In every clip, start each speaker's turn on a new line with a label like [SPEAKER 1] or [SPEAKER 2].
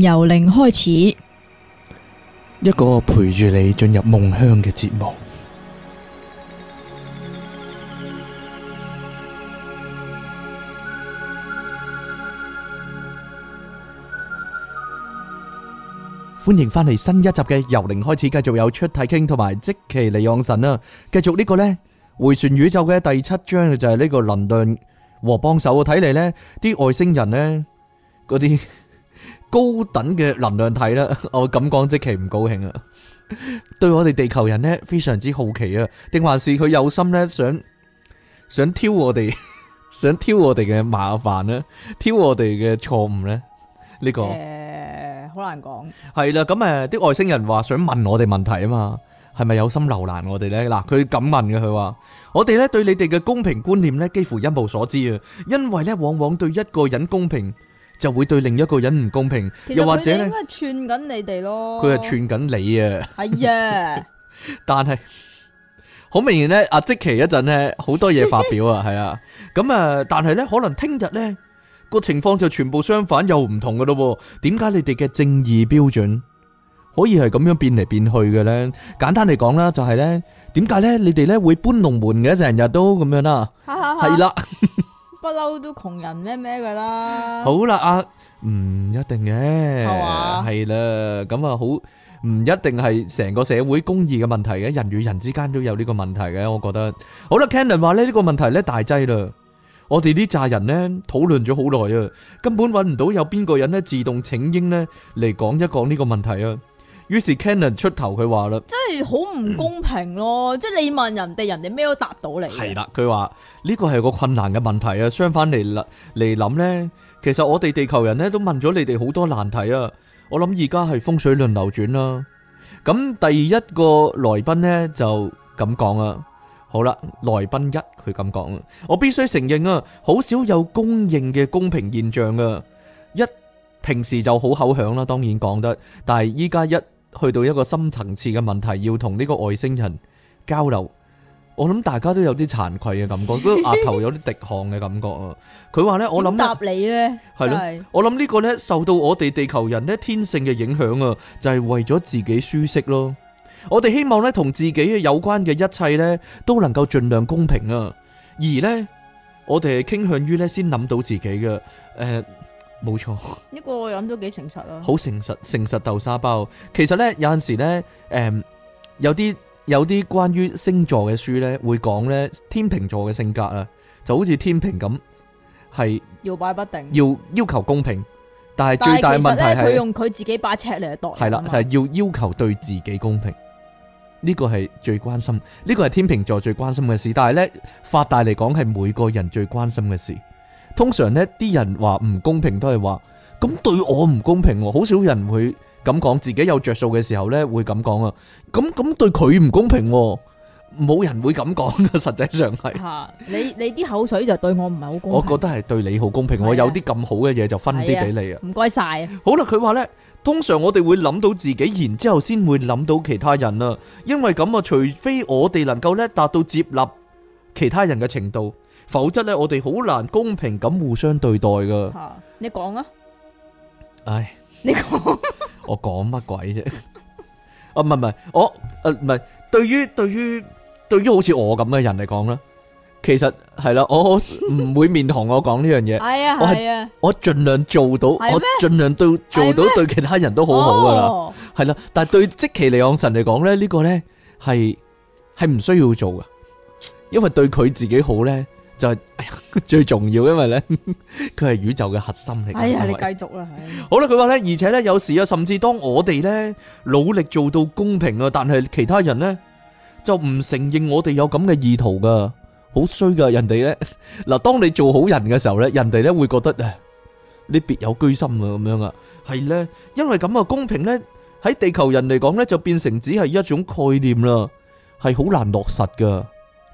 [SPEAKER 1] 由零開
[SPEAKER 2] 始，一個陪住你進入夢鄉嘅節目。歡迎翻嚟新一集嘅由零開始，繼續有出體傾同埋即奇利昂神啦。繼續呢個呢回旋宇宙嘅第七章就係呢個能量和幫手。睇嚟呢，啲外星人呢嗰啲。高等嘅能量體啦，我咁講即係唔高興啊！對我哋地球人咧，非常之好奇啊，定還是佢有心咧想想挑我哋，想挑我哋嘅麻煩咧，挑我哋嘅錯誤咧？呢個
[SPEAKER 1] 誒，好難
[SPEAKER 2] 講。係啦，咁誒，啲外星人話想問我哋問題啊嘛，係咪有心留難我哋咧？嗱，佢咁問嘅，佢話我哋咧對你哋嘅公平觀念咧幾乎一無所知啊，因為咧往往對一個人公平。就會對另一個人唔公平，又或者咧，佢
[SPEAKER 1] 係串緊你哋咯。佢係
[SPEAKER 2] 串緊你啊。係啊，但係好明顯咧，阿積奇一陣咧好多嘢發表啊，係啊，咁啊，但係咧可能聽日咧個情況就全部相反又唔同噶咯。點解你哋嘅正義標準可以係咁樣變嚟變去嘅咧？簡單嚟講啦，就係咧，點解咧你哋咧會搬龍門嘅成日都咁樣啦？
[SPEAKER 1] 係啦。不嬲都
[SPEAKER 2] 窮人咩咩噶啦，好啦啊，唔一定嘅，係啦吧，咁啊好唔一定係成個社會公義嘅問題嘅，人與人之間都有呢個問題嘅，我覺得。好啦，Cannon 話，咧呢、呢個問題咧大劑啦，我哋啲炸人咧討論咗好耐啊，根本揾唔到有邊個人咧自動請纓咧嚟講一講呢個問題啊！於是 Canon 出頭，佢話啦，
[SPEAKER 1] 即係好唔公平咯！即係你問人哋，人哋咩都答到你。係啦，
[SPEAKER 2] 佢話呢個係個困難嘅問題啊！相反嚟嚟諗呢，其實我哋地球人呢都問咗你哋好多難題啊！我諗而家係風水輪流轉啦。咁第一個來賓呢就咁講啊！好啦，來賓一佢咁講啊，我必須承認啊，好少有公認嘅公平現象啊！一平時就好口響啦，當然講得，但係依家一。去到一個深層次嘅問題，要同呢個外星人交流，我諗大家都有啲慚愧嘅感覺，個額 頭有啲滴汗嘅感覺啊！佢話呢，我諗答
[SPEAKER 1] 你咧，係咯，
[SPEAKER 2] 我諗呢個咧受到我哋地球人咧天性嘅影響啊，就係為咗自己舒適咯。我哋希望呢同自己嘅有關嘅一切咧都能夠盡量公平啊，而呢，我哋係傾向於呢先諗到自己嘅誒。呃冇錯，呢
[SPEAKER 1] 個我諗都幾誠實啦。好
[SPEAKER 2] 誠實，誠實豆沙包。其實咧，有陣時咧，誒，有啲有啲關於星座嘅書咧，會講咧天秤座嘅性格啊，就好似天秤咁，係搖
[SPEAKER 1] 擺不定，要
[SPEAKER 2] 要求公平，但係最大嘅問題係佢用
[SPEAKER 1] 佢自己把尺嚟度，係啦，就係
[SPEAKER 2] 要要求對自己公平，呢個係最關心，呢個係天秤座最關心嘅事，但係咧，發大嚟講係每個人最關心嘅事。通常咧，啲人話唔公平都係話，咁對我唔公平，好少人會咁講自己有着數嘅時候咧，會咁講啊。咁咁對佢唔公平，冇人會咁講嘅。實際上係吓，
[SPEAKER 1] 你你啲口水就對我唔係好公平。我覺
[SPEAKER 2] 得係對你好公平，我有啲咁好嘅嘢，就分啲俾你啊。唔該晒啊。好啦，佢話咧，通常我哋會諗到自己，然之後先會諗到其他人啊。因為咁啊，除非我哋能夠咧達到接納其他人嘅程度，否則咧，我哋好難公平咁互相對待噶。
[SPEAKER 1] 你講啊，
[SPEAKER 2] 唉，你講，我講乜鬼啫？啊，唔係唔係，我誒唔係，對於對於對於好似我咁嘅人嚟講啦，其實係啦，我唔會面同我講呢樣嘢。係啊，我係啊，我盡量做到，我盡量對做到對其他人都好好噶啦。係啦，但係對積歧利昂神嚟講咧，呢個咧係係唔需要做噶，因為對佢自己好咧。就係最重要，因為呢佢係宇宙嘅核心嚟嘅。哎呀，你繼
[SPEAKER 1] 續啦，係。
[SPEAKER 2] 好啦，佢話呢，而且呢，有時啊，甚至當我哋呢努力做到公平啊，但係其他人呢就唔承認我哋有咁嘅意圖噶，好衰噶，人哋呢嗱，當你做好人嘅時候呢，人哋呢會覺得啊，你別有居心啊，咁樣啊，係呢，因為咁嘅公平呢，喺地球人嚟講呢，就變成只係一種概念啦，係好難落實噶，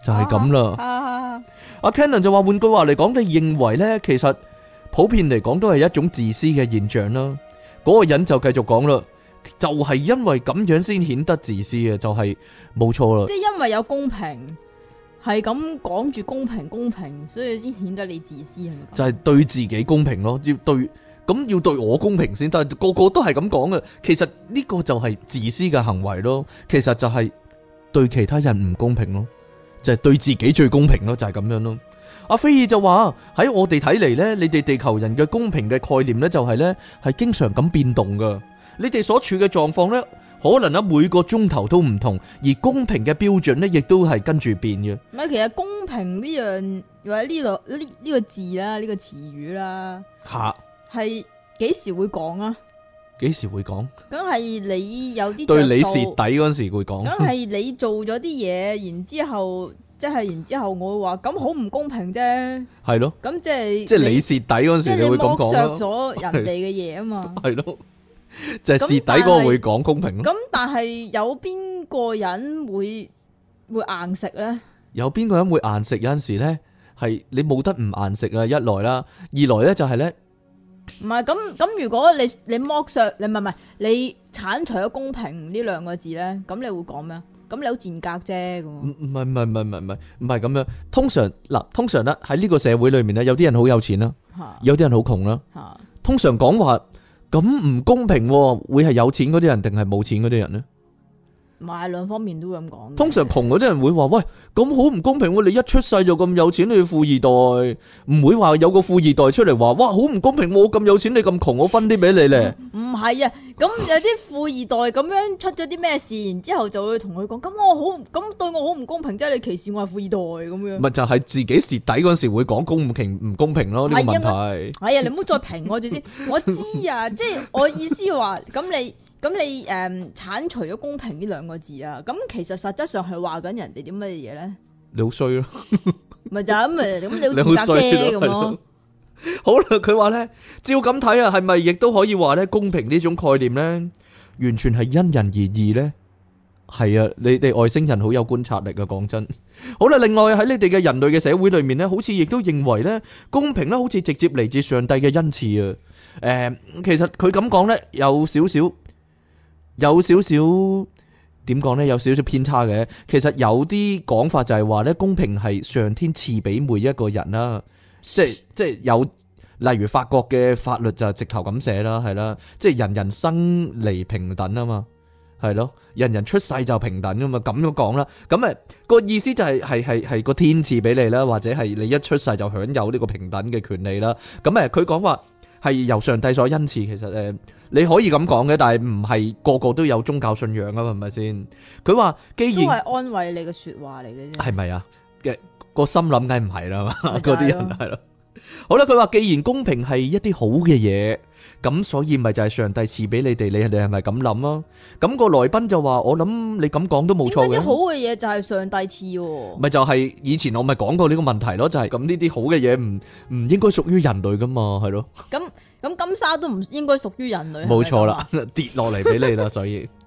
[SPEAKER 2] 就係咁啦。阿 Kenon 就話，換句話嚟講，你認為呢，其實普遍嚟講都係一種自私嘅現象啦。嗰個人就繼續講啦，就係因為咁樣先顯得自私嘅，就係冇錯啦。即
[SPEAKER 1] 係因為有公平，係咁講住公平公平，所以先顯得你自私係咪？
[SPEAKER 2] 就係對自己公平咯，要對咁要對我公平先，但係個個都係咁講嘅，其實呢個就係自私嘅行為咯，其實就係對其他人唔公平咯。就係對自己最公平咯，就係咁樣咯。阿菲爾就話，喺我哋睇嚟咧，你哋地球人嘅公平嘅概念咧，就係咧係經常咁變動噶。你哋所處嘅狀況咧，可能咧每個鐘頭都唔同，而公平嘅標準咧，亦都係跟住變嘅。
[SPEAKER 1] 唔係，其實公平呢樣或者呢個呢呢個字啦，呢個詞語啦，吓係幾時會講啊？
[SPEAKER 2] 幾時會講？
[SPEAKER 1] 梗係你有啲對，你蝕
[SPEAKER 2] 底嗰時會講。梗
[SPEAKER 1] 係你做咗啲嘢，然之後即係，然之後我會話，咁好唔公平啫。係咯。咁即係即係你蝕底嗰時你會咁講。即係剝削咗人哋嘅嘢啊嘛。
[SPEAKER 2] 係咯，就係蝕底嗰個會講公平咯。咁
[SPEAKER 1] 但係有邊個人會會硬食咧？
[SPEAKER 2] 有邊個人會硬食？有陣時咧，係你冇得唔硬食啊！一來啦，二來咧就係咧。
[SPEAKER 1] 唔係咁咁，如果你你剝削你唔係唔係你鏟除咗公平呢兩個字咧，咁你會講咩？咁你好賤格啫咁。唔
[SPEAKER 2] 唔係唔係唔係唔係唔係唔係咁樣。通常嗱，通常咧喺呢個社會裏面咧，有啲人好有錢啦，有啲人好窮啦。的通常講話咁唔公平，會係有錢嗰啲人定係冇錢嗰啲人咧？
[SPEAKER 1] 唔係，兩方面都會咁講。
[SPEAKER 2] 通常窮嗰啲人會話：，喂，咁好唔公平喎！你一出世就咁有錢，你係富二代，唔會話有個富二代出嚟話：，哇，好唔公平！我咁有錢，你咁窮，我分啲俾你咧。
[SPEAKER 1] 唔係 啊，咁有啲富二代咁樣出咗啲咩事，然之後就會同佢講：，咁我好，咁對我好唔公平，即係你歧視我係富二代咁樣。咪
[SPEAKER 2] 就係自己蝕底嗰陣時會講公平唔公平咯？呢、這個問題。係、
[SPEAKER 1] 哎哎、 啊，你唔好再評我住先，我知啊，即係我意思話，咁你。咁你誒，鏟除咗公平呢兩個字啊？咁其實實質上係話緊人哋啲乜嘢咧？
[SPEAKER 2] 你好衰咯，
[SPEAKER 1] 咪就咁啊？咁你好渣爹咁咯？
[SPEAKER 2] 好啦，佢話咧，照咁睇啊，係咪亦都可以話咧，公平呢種概念咧，完全係因人而異咧？係啊，你哋外星人好有觀察力啊！講真，好啦，另外喺你哋嘅人類嘅社會裏面咧，好似亦都認為咧，公平咧，好似直接嚟自上帝嘅恩賜啊！誒，其實佢咁講咧，有少少。有少少點講呢？有少少偏差嘅。其實有啲講法就係話咧，公平係上天賜俾每一個人啦。即係即係有，例如法國嘅法律就直頭咁寫啦，係啦。即係人人生嚟平等啊嘛，係咯，人人出世就平等啊嘛，咁樣講啦。咁、那、啊個意思就係係係個天賜俾你啦，或者係你一出世就享有呢個平等嘅權利啦。咁啊佢講法係由上帝所恩賜，其實誒。呃你可以咁講嘅，但係唔係個個都有宗教信仰啊嘛？係咪先？佢話既然都係
[SPEAKER 1] 安慰你嘅説話
[SPEAKER 2] 嚟嘅啫，係咪啊？嘅個心諗梗唔係啦嘛，嗰啲 人係咯。好啦，佢話既然公平係一啲好嘅嘢，咁所以咪就係上帝賜俾你哋，你你係咪咁諗咯？咁個來賓就話我諗你咁講都冇錯嘅。一啲好
[SPEAKER 1] 嘅嘢就係上帝賜，
[SPEAKER 2] 咪就係以前我咪講過呢個問題咯，就係咁呢啲好嘅嘢唔唔應該屬於人類噶嘛，係咯？
[SPEAKER 1] 咁咁金沙都唔應該屬於人類，冇錯
[SPEAKER 2] 啦，跌落嚟俾你啦，所以。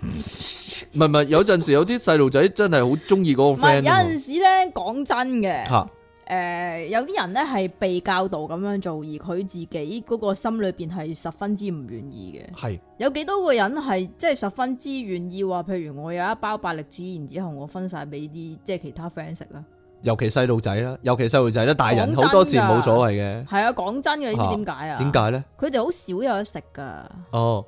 [SPEAKER 2] 唔係唔係，有陣時有啲細路仔真係好中意嗰個 friend。有陣
[SPEAKER 1] 時咧，講真嘅，誒、呃，有啲人咧係被教導咁樣做，而佢自己嗰個心裏邊係十分之唔願意嘅。係是有幾多個人係即係十分之願意話，譬如我有一包百力滋，然之後我分晒俾啲即係其他 friend 食啦。
[SPEAKER 2] 尤其細路仔啦，尤其細路仔啦，大人好多時冇所謂嘅。
[SPEAKER 1] 係啊，講真嘅，你知點解啊？點解咧？佢哋好少有得食噶。
[SPEAKER 2] 哦。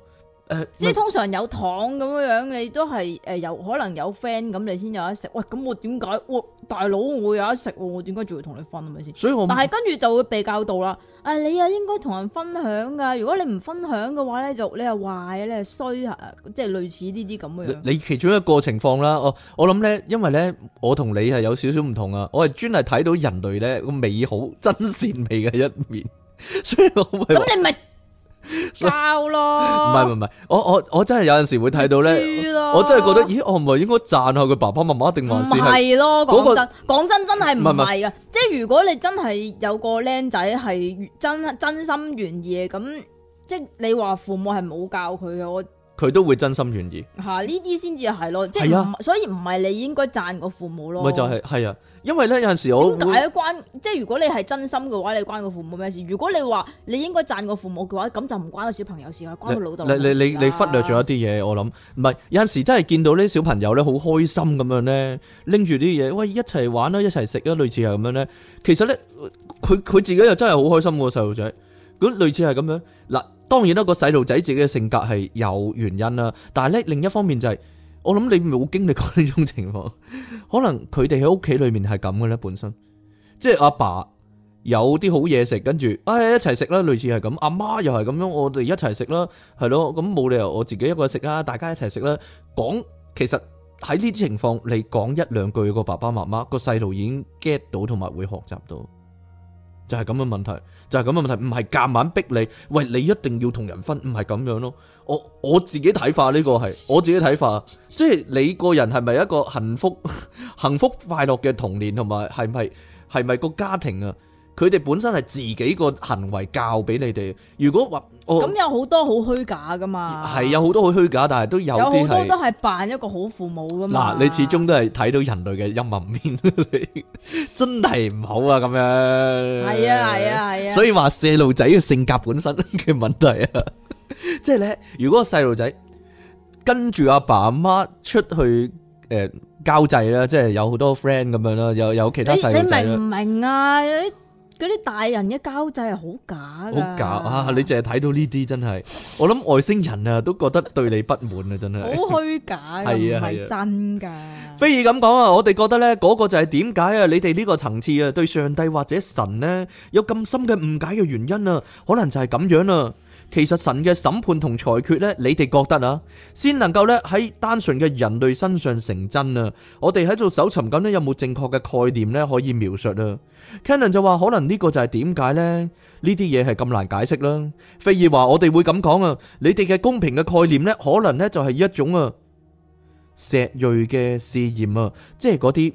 [SPEAKER 2] 即係通常
[SPEAKER 1] 有糖咁樣、嗯、樣，你都係誒有可能有 friend 咁你先有得食。喂，咁我點解我大佬我有得食，我點解仲要同你分啊？係咪先。所以我但係跟住就會被教導啦。誒、啊，你啊應該同人分享噶。如果你唔分享嘅話咧，就你啊壞，你啊衰啊，即係類似呢啲咁嘅樣。
[SPEAKER 2] 你其中一個情況啦，我我諗咧，因為咧我同你係有少少唔同啊。我係專係睇到人類咧個美好真善美嘅一面。所以我咁你
[SPEAKER 1] 咪。教咯，唔係唔
[SPEAKER 2] 係，我我我真係有陣時會睇到咧，我真係覺得，咦，我唔係應該讚下佢爸爸媽媽一定還唔係咯？講真，講真，那個，
[SPEAKER 1] 講真，真係唔係噶，即係如果你真係有個僆仔係真真心願意嘅，咁即係你話父母係冇教佢嘅，我。
[SPEAKER 2] 佢都會真心願意，
[SPEAKER 1] 嚇呢啲先至係咯，即係的所以唔係你應該讚個父母咯。咪就係
[SPEAKER 2] 係啊，因為咧有陣時好大一
[SPEAKER 1] 關，即係如果你係真心嘅話，你關個父母咩事？如果你話你應該讚個父母嘅話，咁就唔關個小朋友事，係關個老豆你、啊。你你你忽略咗
[SPEAKER 2] 一啲嘢，我諗唔係有陣時真係見到啲小朋友咧，好開心咁樣咧，拎住啲嘢，喂一齊玩啊，一齊食啊，類似係咁樣咧。其實咧，佢佢自己又真係好開心喎，細路仔咁類似係咁樣嗱。當然啦，個細路仔自己嘅性格係有原因啦。但係呢，另一方面就係，我諗你冇經歷過呢種情況，可能佢哋喺屋企裏面係咁嘅咧本身。即係阿爸有啲好嘢食，跟住誒一齊食啦，類似係咁。阿媽又係咁樣，我哋一齊食啦，係咯。咁冇理由我自己一個食啦，大家一齊食啦。講，其實喺呢啲情況，你講一兩句，個爸爸媽媽、個細路已經 get 到同埋會學習到。就係咁嘅問題，就係咁嘅問題，唔係夾硬逼你，喂，你一定要同人分，唔係咁樣咯。我我自己睇法呢個係我自己睇法，即係你個人係咪一個幸福、 幸福快樂嘅童年，同埋係咪係咪個家庭啊？佢哋本身係自己個行為教俾你哋。如果話，咁、哦、
[SPEAKER 1] 有好多好虛假噶嘛？係
[SPEAKER 2] 有好多好虛假，但係都有好多都係
[SPEAKER 1] 扮一個好父母噶嘛？嗱，你
[SPEAKER 2] 始終都係睇到人類嘅陰暗面，你 真係唔好啊！咁樣係啊，係啊，係啊。啊所以話細路仔嘅性格本身嘅問題啊，即係咧，如果細路仔跟住阿爸阿媽出去誒交際啦，即係有好多 friend 咁樣啦，有有其他細路仔明唔
[SPEAKER 1] 明啊？嗰啲大人嘅交際係好假，好假
[SPEAKER 2] 啊！你淨係睇到呢啲，真係我諗外星人啊，都覺得對你不滿 啊！是是真係好虛
[SPEAKER 1] 假，唔係真㗎。
[SPEAKER 2] 菲爾咁講啊，啊我哋覺得咧，嗰個就係點解啊？你哋呢個層次啊，對上帝或者神咧，有咁深嘅誤解嘅原因啊，可能就係咁樣啊。其實神嘅審判同裁決呢，你哋覺得啊，先能夠呢，喺單純嘅人類身上成真啊？我哋喺度搜尋緊呢，有冇正確嘅概念呢？可以描述啊？Cannon 就話可能呢個就係點解呢？呢啲嘢係咁難解釋啦。菲爾話我哋會咁講啊，你哋嘅公平嘅概念呢，可能呢，就係一種啊，石蕊嘅試驗啊，即係嗰啲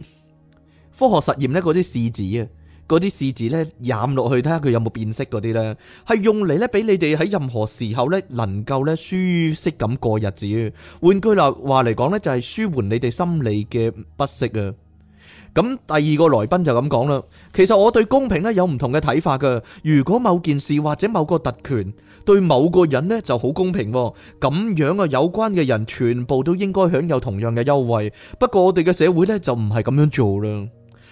[SPEAKER 2] 科學實驗呢，嗰啲試紙啊。嗰啲試紙咧，染落去睇下佢有冇變色嗰啲咧，係用嚟，咧俾你哋喺任何時候咧，能夠咧舒適咁過日子。換句話話嚟講咧，就係舒緩你哋心理嘅不適啊。咁第二個來賓就咁講啦。其實我對公平咧有唔同嘅睇法噶。如果某件事或者某個特權對某個人咧就好公平，咁樣啊，有關嘅人全部都應該享有同樣嘅優惠。不過我哋嘅社會咧就唔係咁樣做啦。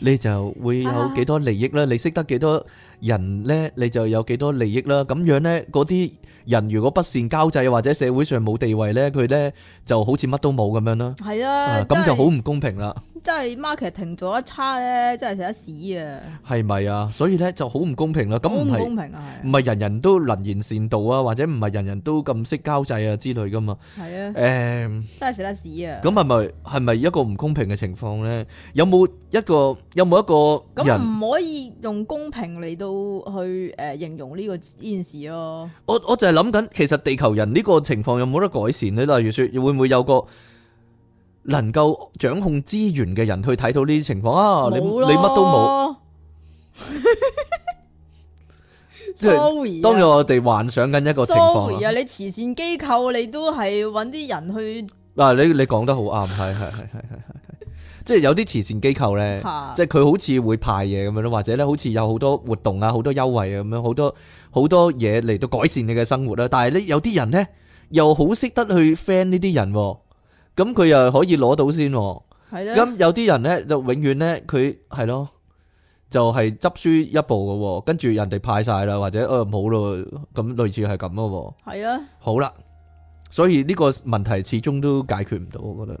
[SPEAKER 2] 你就會有幾多利益啦，啊、你識得幾多人呢？你就有幾多利益啦。咁樣呢，嗰啲人如果不善交際，或者社會上冇地位呢，佢呢就好似乜都冇咁樣啦。係啊，咁就好唔公平啦。
[SPEAKER 1] 即係 market 停咗一叉咧，真係食得屎啊！
[SPEAKER 2] 係咪啊？所以咧就好唔公平咯。咁唔公平啊！係唔係人人都能言善道啊？或者唔係人人都咁識交際啊之類噶嘛？係啊。誒，
[SPEAKER 1] 真係食得屎啊！咁
[SPEAKER 2] 係咪係咪一個唔公平嘅情況咧？有冇一個有冇一個咁
[SPEAKER 1] 唔可以用公平嚟到去誒形容呢個件事咯？
[SPEAKER 2] 我我就係諗緊，其實地球人呢個情況有冇得改善咧？例如說，會唔會有個？能夠掌控資源嘅人去睇到呢啲情況啊！你你乜都冇，
[SPEAKER 1] 即係當然
[SPEAKER 2] 我哋幻想緊一個情況啊 sorry 啊，你
[SPEAKER 1] 慈善機構你都係揾啲人去
[SPEAKER 2] 嗱、啊，你你講得好啱，係係係係係係，即係有啲慈善機構咧， 即係佢好似會派嘢咁樣咯，或者咧好似有好多活動啊，好多優惠啊咁樣，好多好多嘢嚟到改善你嘅生活啦。但係咧有啲人咧又好識得去 friend 呢啲人。咁佢又可以攞到先，係啊，咁有啲人咧就永遠咧佢係咯，就係執輸一步嘅，跟住人哋派晒啦，或者誒冇咯，咁類似係咁咯。係啊，好啦，所以呢個問題始終都解決唔到，我覺得。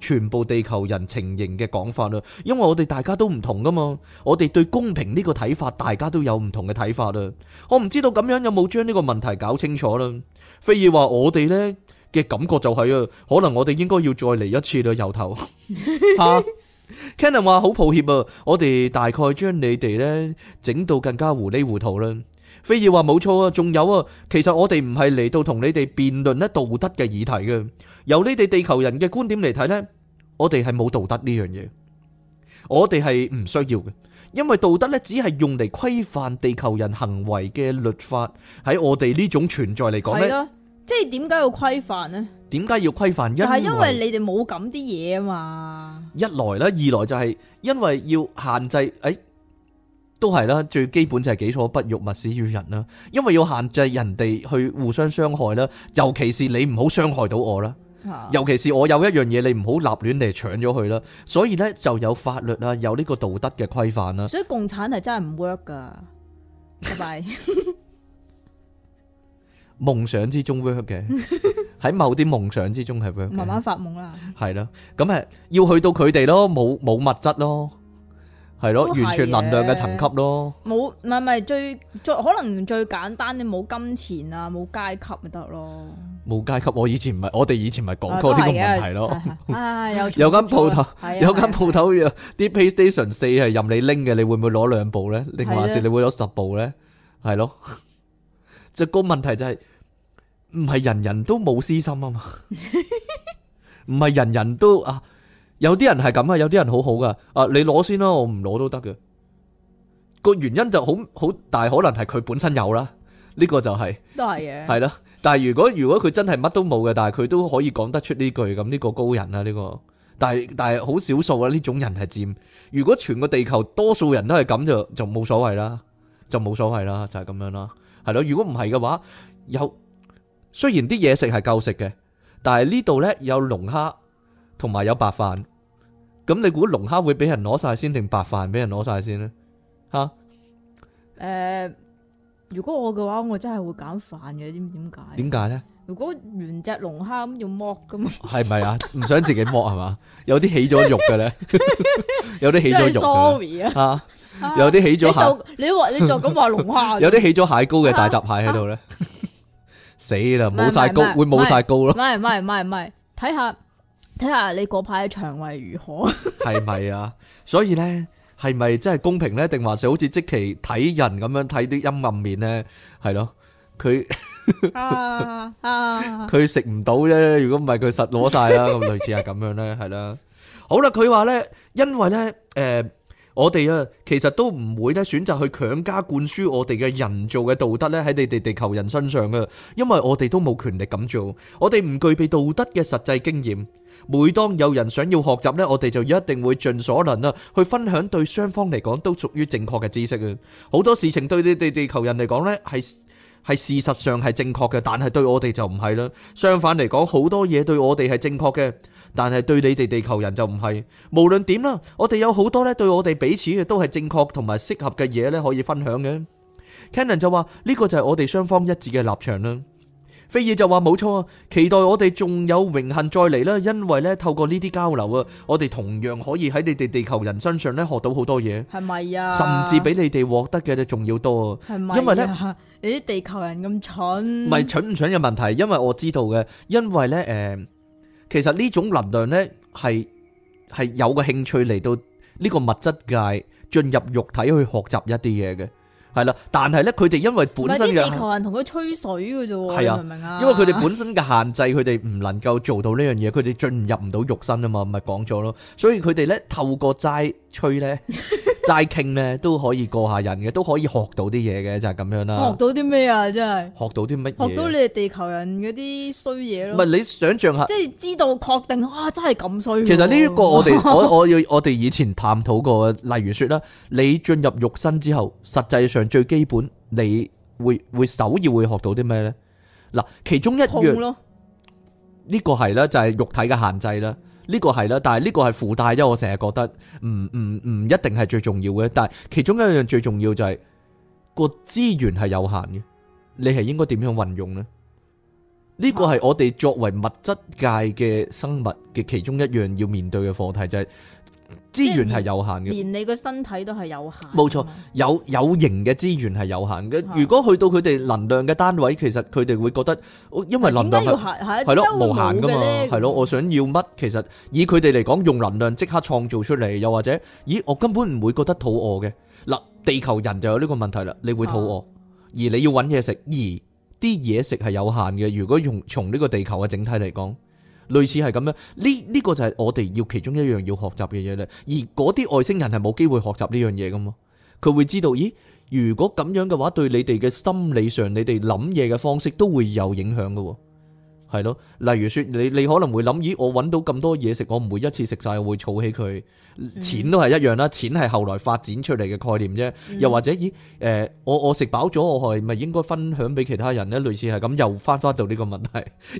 [SPEAKER 2] 全部地球人情形嘅講法啦，因為我哋大家都唔同㗎嘛，我哋對公平呢個睇法，大家都有唔同嘅睇法啦。我唔知道咁樣有冇將呢個問題搞清楚啦。菲爾話我哋呢嘅感覺就係、是、啊，可能我哋應該要再嚟一次啦，由頭嚇。Cannon 話好抱歉啊，我哋大概將你哋呢整到更加糊裏糊塗啦。非要話冇錯啊，仲有啊，其實我哋唔係嚟到同你哋辯論呢道德嘅議題嘅。由你哋地球人嘅觀點嚟睇呢，我哋係冇道德呢樣嘢，我哋係唔需要嘅，因為道德呢只係用嚟規範地球人行為嘅律法喺我哋呢種存在嚟講呢。
[SPEAKER 1] 即係點解要規範呢？
[SPEAKER 2] 點解要規範？一係因為
[SPEAKER 1] 你哋冇咁啲嘢啊嘛。
[SPEAKER 2] 一來呢，二來就係因為要限制誒。都係啦，最基本就係己所不欲，勿施於人啦。因為要限制人哋去互相傷害啦，尤其是你唔好傷害到我啦，尤其是我有一樣嘢你唔好立亂嚟搶咗佢啦。所以咧就有法律啦，有呢個道德嘅規範啦。所
[SPEAKER 1] 以共產係真係唔 work 噶。拜拜。
[SPEAKER 2] 夢想之中 work 嘅，喺某啲夢想之中係 work。慢慢
[SPEAKER 1] 發夢啦。
[SPEAKER 2] 係啦，咁誒要去到佢哋咯，冇冇物質咯。係咯，完全能量嘅層級咯。
[SPEAKER 1] 冇，唔係唔係最最可能最簡單啲冇金錢啊，冇階級咪得咯。
[SPEAKER 2] 冇階級，我以前唔係，我哋以前咪講過呢個問題咯。啊，有
[SPEAKER 1] 有間鋪頭，有間鋪
[SPEAKER 2] 頭，啲 PlayStation 四係任你拎嘅，你會唔會攞兩部咧？定還是你會攞十部咧？係咯，就個問題就係唔係人人都冇私心啊嘛，唔係人人都啊。有啲人係咁啊，有啲人好好噶。啊，你攞先啦，我唔攞都得嘅。個原因就好好大可能係佢本身有啦，呢個就係
[SPEAKER 1] 都係嘅，係
[SPEAKER 2] 咯。但係如果如果佢真係乜都冇嘅，但係佢都可以講得出呢句咁呢個高人啦，呢個但係但係好少數呀，呢種人係占。如果全個地球多數人都係咁就就冇所謂啦，就冇所謂啦，就係咁樣啦，係咯。如果唔係嘅話，有雖然啲嘢食係夠食嘅，但係呢度呢有龍蝦。同埋有白飯。咁你估龍蝦會俾人攞晒先，定白飯俾人攞晒先呢？吓？
[SPEAKER 1] 誒，如果我嘅話，我真係會揀飯嘅，點點解？點解咧？如果原隻龍蝦咁要剝噶嘛？
[SPEAKER 2] 係咪啊？唔想自己剝係嘛？有啲起咗肉嘅咧，有啲起咗肉。Sorry 啊！
[SPEAKER 1] 吓，有啲起咗蟹，你話你就咁話龍蝦，有啲起咗蟹膏嘅大閘
[SPEAKER 2] 蟹喺度咧，死啦！冇晒膏，會冇晒膏咯。唔
[SPEAKER 1] 係唔係唔係唔係，睇下。睇下你嗰排嘅腸胃如何，
[SPEAKER 2] 係咪啊？所以咧，係咪真係公平咧？定還是好似即其睇人咁樣睇啲陰暗面咧？係咯，佢，
[SPEAKER 1] 佢
[SPEAKER 2] 食唔到啫。如果唔係，佢實攞曬啦。咁類似係咁樣咧，係啦。好啦，佢話咧，因為咧，誒。我哋啊，其實都唔會咧選擇去強加灌輸我哋嘅人造嘅道德咧喺你哋地球人身上啊，因為我哋都冇權力咁做，我哋唔具備道德嘅實際經驗。每當有人想要學習呢，我哋就一定會盡所能啊，去分享對雙方嚟講都屬於正確嘅知識啊。好多事情對你哋地球人嚟講呢係。係事實上係正確嘅，但係對我哋就唔係啦。相反嚟講，好多嘢對我哋係正確嘅，但係對你哋地球人就唔係。無論點啦，我哋有好多咧對我哋彼此嘅都係正確同埋適合嘅嘢咧可以分享嘅。Cannon 就話呢個就係我哋雙方一致嘅立場啦。菲爾就話冇錯啊，期待我哋仲有榮幸再嚟啦。因為咧透過呢啲交流啊，我哋同樣可以喺你哋地球人身上咧學到好多嘢，係
[SPEAKER 1] 咪啊？甚至
[SPEAKER 2] 比你哋獲得嘅仲要多，
[SPEAKER 1] 係咪啊？你啲地球人咁蠢，唔係蠢
[SPEAKER 2] 唔蠢嘅問題，因為我知道嘅。因為咧誒，其實呢種能量咧係係有個興趣嚟到呢個物質界進入肉體去學習一啲嘢嘅。係啦，但係咧，佢哋因為本身嘅地球
[SPEAKER 1] 人同佢吹水嘅啫喎，明唔明啊？因為佢哋本身
[SPEAKER 2] 嘅限制，佢哋唔能夠做到呢樣嘢，佢哋進入唔到肉身啊嘛，咪講咗咯。所以佢哋咧透過齋吹咧。 齋傾咧都可以過下癮嘅，都可以學到啲嘢嘅，就係咁樣啦。學
[SPEAKER 1] 到啲咩啊？真係
[SPEAKER 2] 學到啲乜嘢？學到你
[SPEAKER 1] 哋地球人嗰啲衰嘢咯。唔係
[SPEAKER 2] 你想象下，即係
[SPEAKER 1] 知道確定啊！真係咁衰。其實呢一個我哋 我我
[SPEAKER 2] 要我哋以前探討過，例如說啦，你進入肉身之後，實際上最基本你會會首要會學到啲咩咧？嗱，其中一樣呢個係咧，就係肉體嘅限制啦。呢個係啦，但係呢個係附帶啫。因為我成日覺得唔唔唔一定係最重要嘅，但係其中一樣最重要就係個資源係有限嘅，你係應該點樣運用呢？呢，呢個係我哋作為物質界嘅生物嘅其中一樣要面對嘅課題啫。就係資源係有限嘅，連
[SPEAKER 1] 你個身體都係有限。
[SPEAKER 2] 冇錯，有有形嘅資源係有限嘅。的如果去到佢哋能量嘅單位，其實佢哋會覺得，因為能量係係咯無限噶嘛，係咯，我想要乜？其實以佢哋嚟講，用能量即刻創造出嚟，又或者，咦，我根本唔會覺得肚餓嘅。嗱，地球人就有呢個問題啦，你會肚餓，的而你要搵嘢食，而啲嘢食係有限嘅。如果用從呢個地球嘅整體嚟講。類似係咁樣，呢呢個就係我哋要其中一樣要學習嘅嘢咧。而嗰啲外星人係冇機會學習呢樣嘢噶嘛，佢會知道，咦？如果咁樣嘅話，對你哋嘅心理上，你哋諗嘢嘅方式都會有影響噶。係咯，例如說你你可能會諗咦，我搵到咁多嘢食，我唔會一次食晒，我會儲起佢，錢都係一樣啦。錢係後來發展出嚟嘅概念啫。嗯、又或者咦，誒、呃，我我食飽咗，我係咪應該分享俾其他人呢？類似係咁，又翻翻到呢個問題，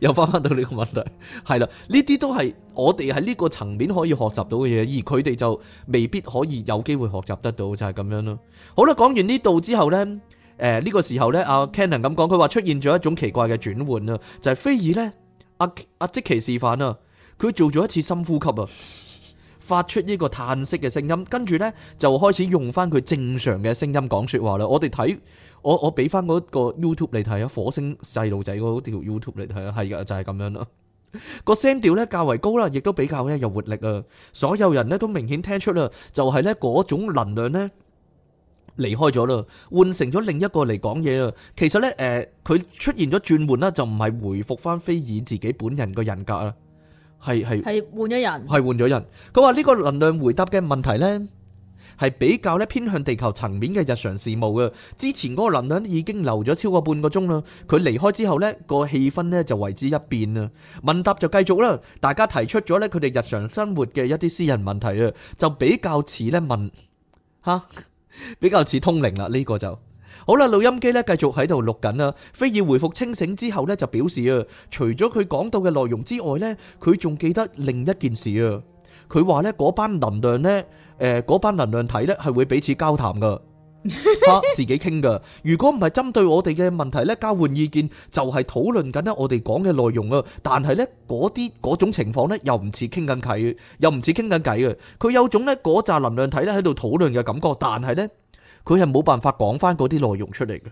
[SPEAKER 2] 又翻翻到呢個問題，係 啦。呢啲都係我哋喺呢個層面可以學習到嘅嘢，而佢哋就未必可以有機會學習得到，就係、是、咁樣咯。好啦，講完呢度之後呢。誒呢個時候咧，阿 Cannon 咁講，佢話出現咗一種奇怪嘅轉換啊，就係菲爾咧，阿阿積奇示範啊，佢做咗一次深呼吸啊，發出呢個嘆息嘅聲音，跟住咧就開始用翻佢正常嘅聲音講說話啦。我哋睇，我我俾翻嗰個 YouTube 嚟睇啊，火星細路仔嗰條 YouTube 嚟睇啊，係嘅，就係咁樣啦。個聲調咧較為高啦，亦都比較咧有活力啊。所有人咧都明顯聽出啦，就係咧嗰種能量咧。離開咗啦，換成咗另一個嚟講嘢啊！其實呢，誒、呃，佢出現咗轉換啦，就唔係回復翻菲爾自己本人個人格啊，係係
[SPEAKER 1] 換咗人，係
[SPEAKER 2] 換咗人。佢話呢個能量回答嘅問題呢，係比較咧偏向地球層面嘅日常事務嘅。之前嗰個能量已經留咗超過半個鐘啦，佢離開之後呢，個氣氛呢就為之一變啦。問答就繼續啦，大家提出咗呢佢哋日常生活嘅一啲私人問題啊，就比較似咧問吓。比較似通靈啦，呢、這個就好啦。錄音機呢繼續喺度錄緊啦。菲爾回復清醒之後呢，就表示啊，除咗佢講到嘅內容之外呢，佢仲記得另一件事啊。佢話呢嗰班能量呢，誒、呃，嗰班能量體呢，係會彼此交談噶。他自己傾噶，如果唔係針對我哋嘅問題咧，交換意見就係討論緊咧我哋講嘅內容啊。但係咧嗰啲嗰種情況咧，又唔似傾緊偈，又唔似傾緊偈啊。佢有種咧嗰紮能量體咧喺度討論嘅感覺，但係咧佢係冇辦法講翻嗰啲內容出嚟嘅。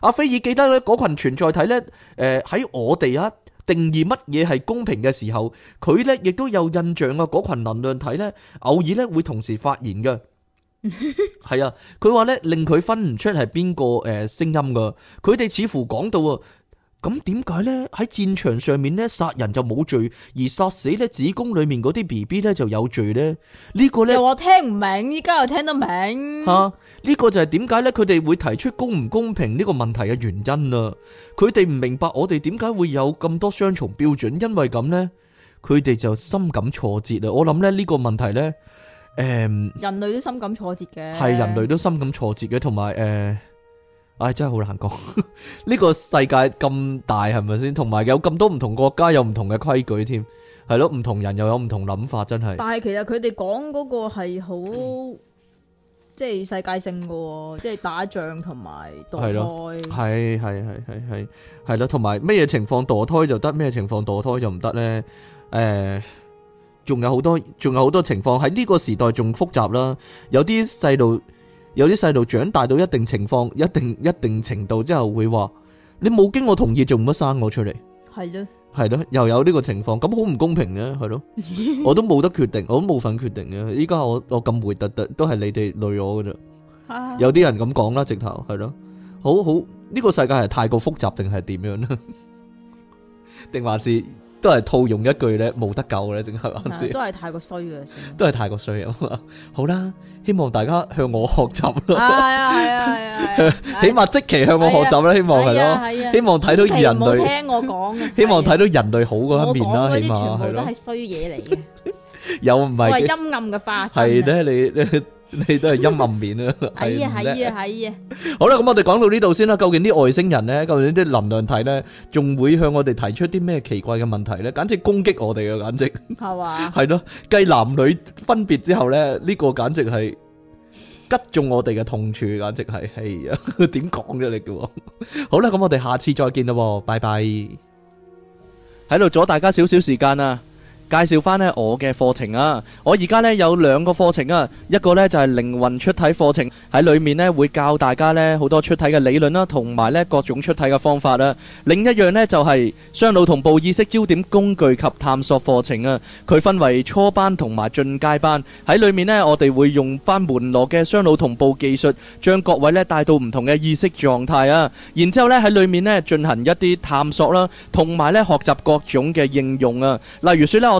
[SPEAKER 2] 阿菲爾記得咧嗰群存在體咧，誒喺我哋啊定義乜嘢係公平嘅時候，佢咧亦都有印象啊。嗰群能量體咧偶爾咧會同時發言嘅。係 啊，佢話咧令佢分唔出係邊個誒、呃、聲音噶，佢哋似乎講到啊，咁點解呢？喺戰場上面咧殺人就冇罪，而殺死咧子宮裏面嗰啲 B B 呢就有罪呢？呢、這個呢？我
[SPEAKER 1] 聽唔明，依家又聽得明
[SPEAKER 2] 吓？呢、啊這個就係點解呢？佢哋會提出公唔公平呢個問題嘅原因啊。佢哋唔明白我哋點解會有咁多雙重標準，因為咁呢，佢哋就深感挫折啊！我諗咧呢、這個問題呢。誒，um,
[SPEAKER 1] 人類都深感挫折嘅，係人類
[SPEAKER 2] 都深感挫折嘅，同埋誒、唉、哎，真係好難講。呢 個世界咁大，係咪先？同埋有咁多唔同國家，有唔同嘅規矩添，係咯，唔同人又有唔同諗法，真係。但
[SPEAKER 1] 係其實佢哋講嗰個係好，嗯、即係世界性噶即係打仗同埋墮胎，係
[SPEAKER 2] 係係係係係咯，同埋咩嘢情況墮胎就得，咩情況墮胎就唔得咧？誒、呃。仲有好多，仲有好多情況喺呢個時代仲複雜啦。有啲細路，有啲細路長大到一定情況，一定一定程度之後，會話，你冇經我同意做乜生我出嚟。係咯，係咯，又有呢個情況，咁好唔公平嘅，係咯。我都冇得決定，我都冇份決定嘅。依家我我咁回突突，都係你哋累我㗎啫。有啲人咁講啦，直頭係咯，好好呢個世界係太過複雜定係點樣呢？定還是？都係套用一句咧，冇得救咧，點係回事？都係
[SPEAKER 1] 太過衰嘅，
[SPEAKER 2] 都係太過衰啊嘛！好啦，希望大家向我學習咯，係啊係啊係啊，起碼即期向我學習啦，希望係咯，希望睇到人類，唔好聽我講，希望睇到人類好嗰一面啦，係嘛，係咯，全部都係衰嘢嚟嘅，又唔係陰
[SPEAKER 1] 暗嘅化身，係
[SPEAKER 2] 咧你。你都係陰暗面啊，係啊係啊係啊！好啦，咁我哋講到呢度先啦。究竟啲外星人咧，究竟啲能量體咧，仲會向我哋提出啲咩奇怪嘅問題咧？簡直攻擊我哋嘅，簡直係嘛？係咯，繼男女分別之後咧，呢個簡直係擊中我哋嘅痛處，簡直係係啊！點講啫你嘅？好啦，咁我哋下次再見啦，拜拜！喺度阻大家少少時間啊！介紹翻咧我嘅課程啊！我而家咧有兩個課程啊，一個咧就係靈魂出體課程，喺裏面咧會教大家咧好多出體嘅理論啦，同埋咧各種出體嘅方法啦。另一樣咧就係雙腦同步意識焦點工具及探索課程啊，佢分為初班同埋進階班，喺裏面咧我哋會用翻門羅嘅雙腦同步技術，將各位咧帶到唔同嘅意識狀態啊。然之後咧喺裏面咧進行一啲探索啦，同埋咧學習各種嘅應用啊，例如説咧我。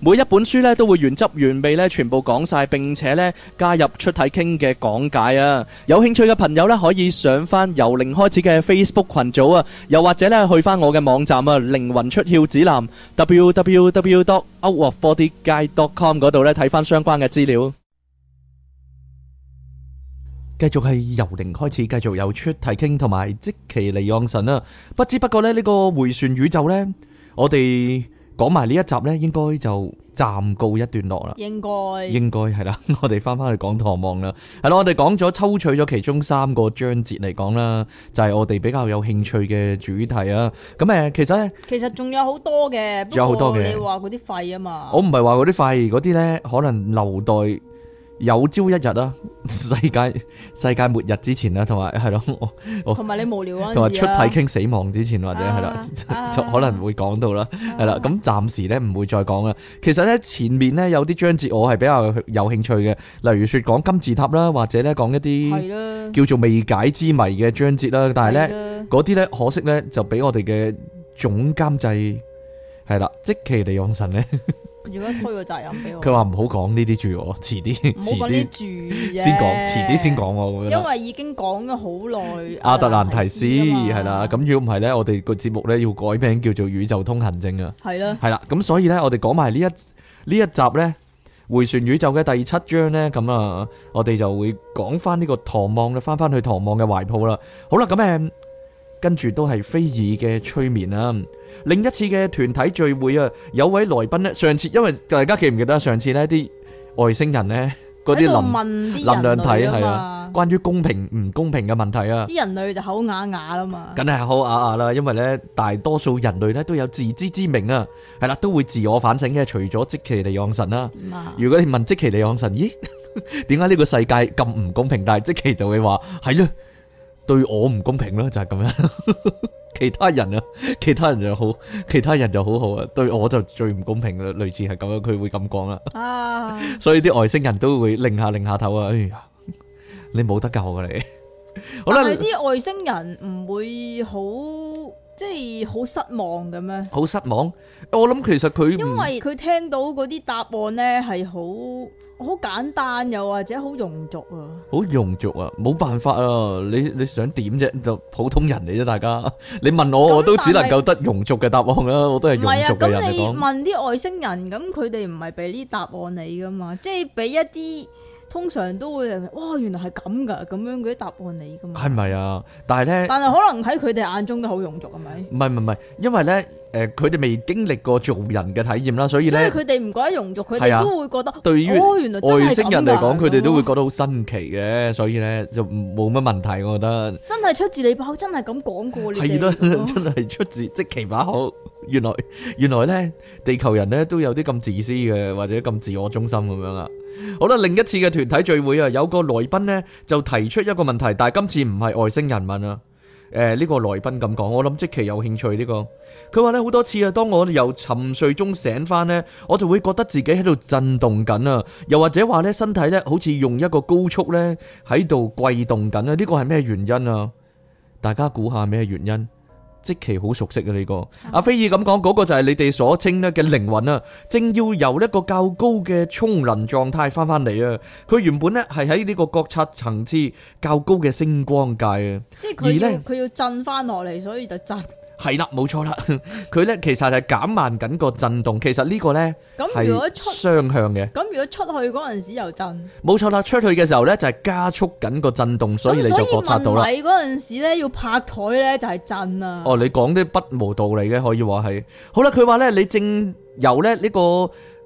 [SPEAKER 2] 每一本書咧都會原汁原味咧，全部講晒，並且咧加入出體傾嘅講解啊！有興趣嘅朋友咧可以上翻由零開始嘅 Facebook 群組啊，又或者咧去翻我嘅網站啊靈魂出竅指南 www.outofbodyguide.com 嗰度咧睇翻相關嘅資料。繼續係由零開始，繼續有出體傾同埋即其利養神啊！不知不覺咧呢個迴旋宇宙呢，我哋，講埋呢一集呢，應該就暫告一段落啦。
[SPEAKER 1] 應該應
[SPEAKER 2] 該係啦，我哋翻翻去講堂望啦。係啦，我哋講咗抽取咗其中三個章節嚟講啦，就係我哋比較有興趣嘅主題啊。咁誒，其實呢
[SPEAKER 1] 其實仲有好多嘅，仲有好多嘅。你話嗰啲廢啊嘛？
[SPEAKER 2] 我唔係話嗰啲廢，嗰啲呢可能留待。有朝一日啦，世界世界末日之前啦，同埋係咯，同埋你無聊啊，同埋出體傾死亡之前或者係啦，就可能會講到啦，係啦，啊，咁暫時咧唔會再講啦。其實咧前面咧有啲章節我係比較有興趣嘅，例如說講金字塔啦，或者咧講一啲叫做未解之謎嘅章節啦，但係咧嗰啲咧可惜咧就俾我哋嘅總監制係啦，即奇地用神咧。
[SPEAKER 1] 如果推個責任俾我，佢話
[SPEAKER 2] 唔好講呢啲住我，遲啲唔好講啲住啫。先講，遲啲先講我。因為
[SPEAKER 1] 已經講咗好耐，
[SPEAKER 2] 阿特蘭提斯係啦。咁如果唔係咧，我哋個節目咧要改名叫做宇宙通行證啊。係啦，係啦。咁所以咧，我哋講埋呢一呢一集咧迴旋宇宙嘅第七章咧，咁啊，我哋就會講翻呢個唐望啦，翻翻去唐望嘅懷抱啦。好啦，咁誒。跟住都係非爾嘅催眠啊！另一次嘅團體聚會啊，有位來賓咧，上次因為大家記唔記得啊？上次咧啲外星人咧，嗰啲林林量體啊，係啊，關於公平唔公平嘅問題啊！啲
[SPEAKER 1] 人類就口啞啞啦嘛，
[SPEAKER 2] 梗係口啞啞啦，因為咧大多數人類咧都有自知之明啊，係啦，都會自我反省嘅。除咗即其利盎神啦，如果你問即其利盎神，咦，點解呢個世界咁唔公平？但即其就會話係囉。對我唔公平咯，就係咁樣。 其他人啊，其他人就好，其他人就好好啊。對我就最唔公平啦，類似係咁樣，佢會咁講啦。 啊！所以啲外星人都會擰下擰下頭啊！哎呀，你冇得救嘅你。 但係啲
[SPEAKER 1] 外星人唔會好，即係好失望嘅咩？
[SPEAKER 2] 好失望？我諗其實佢因為
[SPEAKER 1] 佢聽到嗰啲答案呢係好好簡單，又或者好庸俗啊！
[SPEAKER 2] 好庸俗啊！冇辦法啊！你你想點啫？就普通人嚟啫，大家。你問我但我都只能夠得庸俗嘅答案啦，係我都係庸俗嘅人嚟講。唔係啊，咁你問
[SPEAKER 1] 啲外星人，咁佢哋唔係俾呢啲答案你噶嘛？即係俾一啲。通常都會話，哇！原來係咁噶，咁樣嗰啲答案你，噶嘛？係
[SPEAKER 2] 咪啊？但係咧，
[SPEAKER 1] 但係可能喺佢哋眼中都好庸俗係咪？
[SPEAKER 2] 唔係唔係，因為咧，誒、呃，佢哋未經歷過做人嘅體驗啦，所以咧，所以佢
[SPEAKER 1] 哋唔覺得庸俗，佢哋都會覺得對於、啊哦、外星人嚟講，佢哋、啊、都
[SPEAKER 2] 會覺得好新奇嘅，所以咧就冇乜問題，我覺得。
[SPEAKER 1] 真係出，出自你口，真係咁講過。
[SPEAKER 2] 係都真係出自即其把口。原來原來呢，地球人呢都有啲咁自私嘅，或者咁自我中心咁樣啦。好啦，另一次嘅團體聚會啊，有個來賓呢，就提出一個問題，但係今次唔係外星人問啊。誒、呃，呢個來賓咁講，我諗即其有興趣呢個。佢話呢，好多次啊，當我由沉睡中醒翻呢，我就會覺得自己喺度震動緊啊，又或者話呢，身體呢，好似用一個高速呢，喺度悸動緊啊。呢個係咩原因啊？大家估下咩原因？即期好熟悉啊！呢個阿菲爾咁講嗰個就係你哋所稱咧嘅靈魂啊，正要由一個較高嘅充能狀態翻翻嚟啊！佢原本呢係喺呢個覺察層次較高嘅星光界啊，
[SPEAKER 1] 即係佢要，呢要震翻落嚟，所以就震。
[SPEAKER 2] 係啦，冇錯啦，佢咧其實係減慢緊個震動，其實呢個咧係雙向嘅。
[SPEAKER 1] 咁如，如果出去嗰陣時又震，
[SPEAKER 2] 冇錯啦，出去嘅時候咧就係加速緊個震動，所以你就覺察到啦。
[SPEAKER 1] 嗰陣時咧要拍台咧就係震啊。
[SPEAKER 2] 哦，你講啲不無道理嘅可以話係。好啦，佢話咧你正由咧呢個。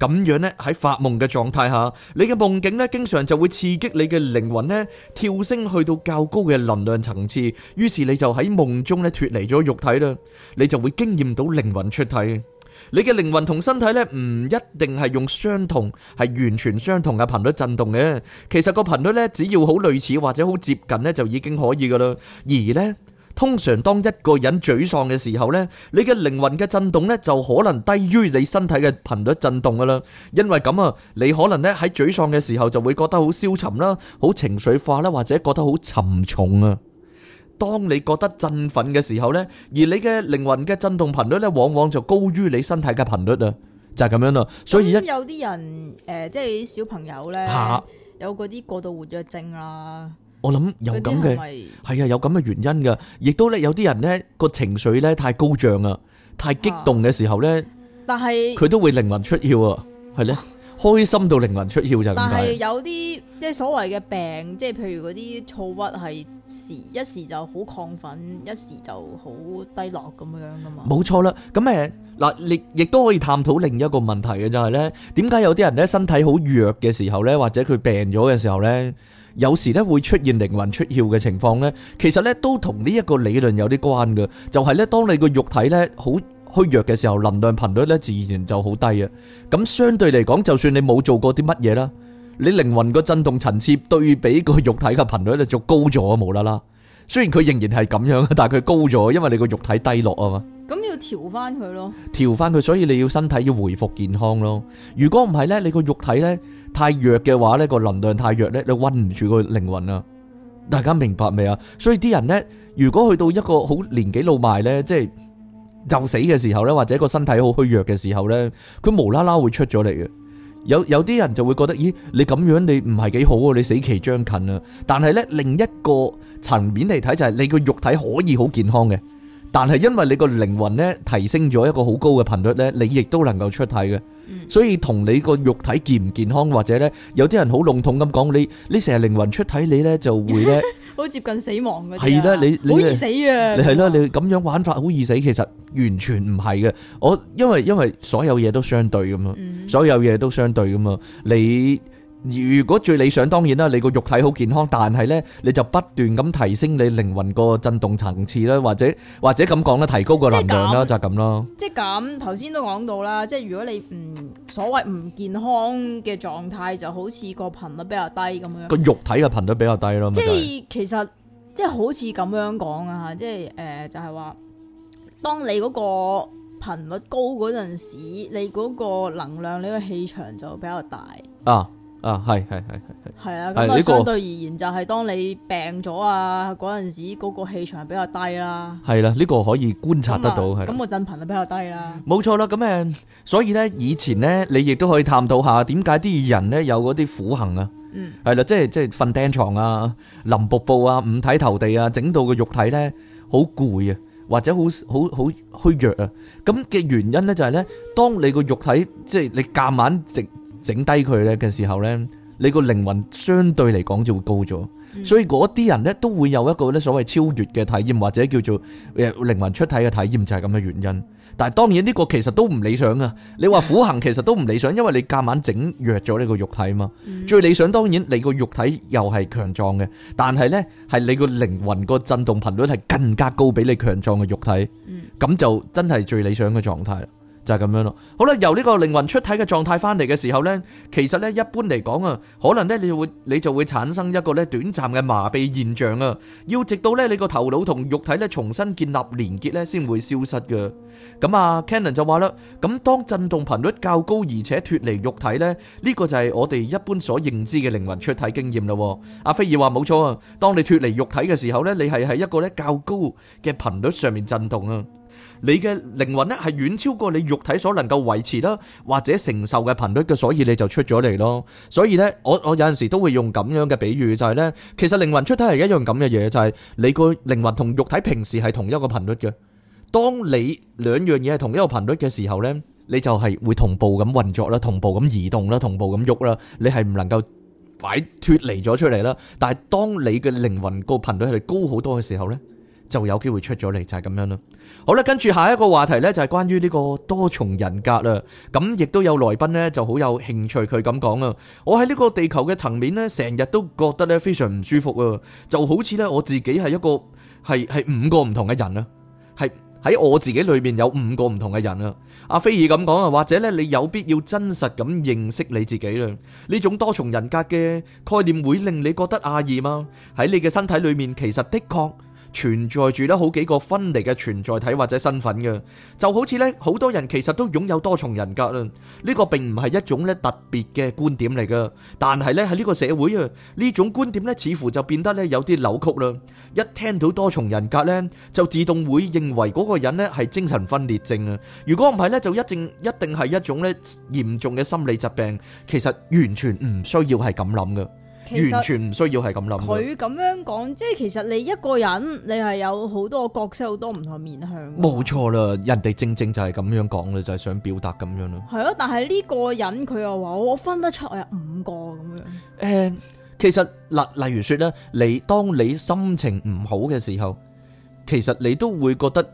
[SPEAKER 2] 咁樣呢，喺發夢嘅狀態下，你嘅夢境呢，經常就會刺激你嘅靈魂呢，跳升去到較高嘅能量層次，於是你就喺夢中呢脫離咗肉體啦，你就會經驗到靈魂出體。你嘅靈魂同身體呢，唔一定係用相同、係完全相同嘅頻率震動嘅，其實個頻率呢，只要好類似或者好接近呢，就已經可以噶啦，而呢。通常當一個人沮喪嘅時候呢，你嘅靈魂嘅震動呢，就可能低於你身體嘅頻率震動噶啦，因為咁啊，你可能呢喺沮喪嘅時候就會覺得好消沉啦，好情緒化啦，或者覺得好沉重啊。當你覺得振奮嘅時候呢，而你嘅靈魂嘅震動頻率呢，往往就高於你身體嘅頻率啊，就係、是、咁樣啦。所以一
[SPEAKER 1] 有啲人誒，即、呃、係、就是、小朋友咧，啊、有嗰啲過度活躍症啊。
[SPEAKER 2] 我諗有咁嘅係啊，有咁嘅原因噶，亦都咧有啲人咧個情緒咧太高漲啊，太激動嘅時候咧、
[SPEAKER 1] 啊，但係佢
[SPEAKER 2] 都會靈魂出竅啊，係咧開心到靈魂出竅就係咁解。但係
[SPEAKER 1] 有啲即係所謂嘅病，即係譬如嗰啲躁鬱，係一時一時就好亢奮，一時就好低落咁樣噶嘛。
[SPEAKER 2] 冇錯啦，咁誒嗱，亦亦都可以探討另一個問題嘅就係、是、咧，點解有啲人咧身體好弱嘅時候咧，或者佢病咗嘅時候咧？有時咧會出現靈魂出竅嘅情況咧，其實咧都同呢一個理論有啲關嘅，就係、是、咧當你個肉體咧好虛弱嘅時候，能量頻率咧自然就好低啊。咁相對嚟講，就算你冇做過啲乜嘢啦，你靈魂個震動層次對比個肉體嘅頻率咧就高咗冇啦啦。無雖然佢仍然係咁樣啊，但係佢高咗，因為你個肉體低落啊嘛。
[SPEAKER 1] 咁要調翻佢咯，
[SPEAKER 2] 調翻佢，所以你要身體要回復健康咯。如果唔係咧，你個肉體咧太弱嘅話咧，個能量太弱咧，你溫唔住個靈魂啊。大家明白未啊？所以啲人咧，如果去到一個好年紀老邁咧，即係就死嘅時候咧，或者個身體好虛弱嘅時候咧，佢無啦啦會出咗嚟嘅。有有啲人就會覺得，咦，你咁樣你唔係幾好喎，你死期將近啊。但係呢，另一個層面嚟睇就係，你個肉體可以好健康嘅，但係因為你個靈魂呢，提升咗一個好高嘅頻率呢，你亦都能夠出體嘅。所以同你個肉體健唔健康或者呢，有啲人好籠統咁講你，你成日靈魂出體你呢就會呢。
[SPEAKER 1] 好接近死亡嘅，係啦，你你好易死啊！你係是啦，
[SPEAKER 2] 你咁是樣玩法好易死，其實完全唔係嘅。我因為因為所有嘢都相對㗎嘛，嗯、所有嘢都相對㗎嘛，你。如果最理想當然啦，你個肉體好健康，但係呢，你就不斷咁提升你靈魂個震動層次啦，或者或者咁講啦，提高個能量啦，就咁咯。
[SPEAKER 1] 即係咁，頭先都講到啦，即係如果你唔所謂唔健康嘅狀態，就好似個頻率比較低咁樣。個
[SPEAKER 2] 肉體嘅頻率比較低咯。即係
[SPEAKER 1] 其實即係好似咁樣講啊，即係誒，就係話，當你嗰個頻率高嗰陣時，你嗰個能量，你個氣場就比較大
[SPEAKER 2] 啊。啊，係係係係係，係啊，咁啊相
[SPEAKER 1] 對而言就係當你病咗啊嗰陣時，嗰個氣場係比較低啦。
[SPEAKER 2] 係啦，呢個可以觀察得到，係。咁
[SPEAKER 1] 個震頻率比較低
[SPEAKER 2] 啦。冇錯啦，咁誒，所以咧以前咧，你亦都可以探討下點解啲人咧有嗰啲苦行啊，係啦，即係即係瞓釘床啊，淋瀑布啊，五體投地啊，整到個肉體咧好攰啊。或者好好好虛弱啊，咁嘅原因咧就係咧，當你個肉體即係你夾硬整整低佢咧嘅時候咧，你個靈魂相對嚟講就會高咗，所以嗰啲人咧都會有一個咧所謂超越嘅體驗，或者叫做誒靈魂出體嘅體驗，就係咁嘅原因。但係當然呢個其實都唔理想啊，你話苦行其實都唔理想，因為你夾硬整弱咗呢個肉體嘛。嗯、最理想當然你個肉體又係強壯嘅，但係呢係你個靈魂個震動頻率係更加高，比你強壯嘅肉體，咁、嗯、就真係最理想嘅狀態啦。就咁樣咯。好啦，由呢個靈魂出體嘅狀態翻嚟嘅時候呢，其實呢，一般嚟講啊，可能呢，你會你就會產生一個呢短暫嘅麻痹現象啊。要直到呢，你個頭腦同肉體呢重新建立連結呢，先會消失噶。咁啊，Cannon 就話啦，咁當震動頻率較高而且脫離肉體呢，呢個就係我哋一般所認知嘅靈魂出體經驗咯。阿菲爾話冇錯啊，當你脫離肉體嘅時候呢，你係喺一個呢較高嘅頻率上面震動啊。你嘅靈魂咧係遠超過你肉體所能夠維持啦，或者承受嘅頻率嘅，所以你就出咗嚟咯。所以咧，我我有陣時都會用咁樣嘅比喻，就係咧，其實靈魂出體係一樣咁嘅嘢，就係你個靈魂同肉體平時係同一個頻率嘅。當你兩樣嘢係同一個頻率嘅時候咧，你就係會同步咁運作啦，同步咁移動啦，同步咁喐啦。你係唔能夠擺脱離咗出嚟啦。但係當你嘅靈魂個頻率係高好多嘅時候咧，就有機會出咗嚟，就係咁樣咯。好啦，跟住下一個話題咧，就係關於呢個多重人格啦。咁亦都有來賓咧，就好有興趣。佢咁講啊，我喺呢個地球嘅層面咧，成日都覺得咧非常唔舒服啊，就好似咧我自己係一個係係五個唔同嘅人啊，係喺我自己裏面有五個唔同嘅人啊。阿菲爾咁講啊，或者咧你有必要真實咁認識你自己啦。呢種多重人格嘅概念會令你覺得壓抑嗎？喺你嘅身體裏面，其實的確。存在住得好幾個分離嘅存在體或者身份嘅就好似呢好多人其實都擁有多重人格啦呢個並唔係一種特別嘅觀點嚟㗎但係呢喺呢個社會呀呢種觀點呢似乎就變得呢有啲扭曲啦一聽到多重人格呢就自動會認為嗰個人呢係精神分裂症啊如果唔係呢就一定一定係一種嚴重嘅心理疾病其實完全唔需要係咁諗㗎完全唔需要係咁諗。佢
[SPEAKER 1] 咁樣講，即係其實你一個人，你係有好多個角色，好多唔同面向。冇
[SPEAKER 2] 錯啦，人哋正正就係咁樣講啦，就係、是、想表達咁樣啦。
[SPEAKER 1] 係咯，但係呢個人佢又話我分得出有五個咁樣。
[SPEAKER 2] 誒、欸，其實嗱，例如說咧，你當你心情唔好嘅時候，其實你都會覺得。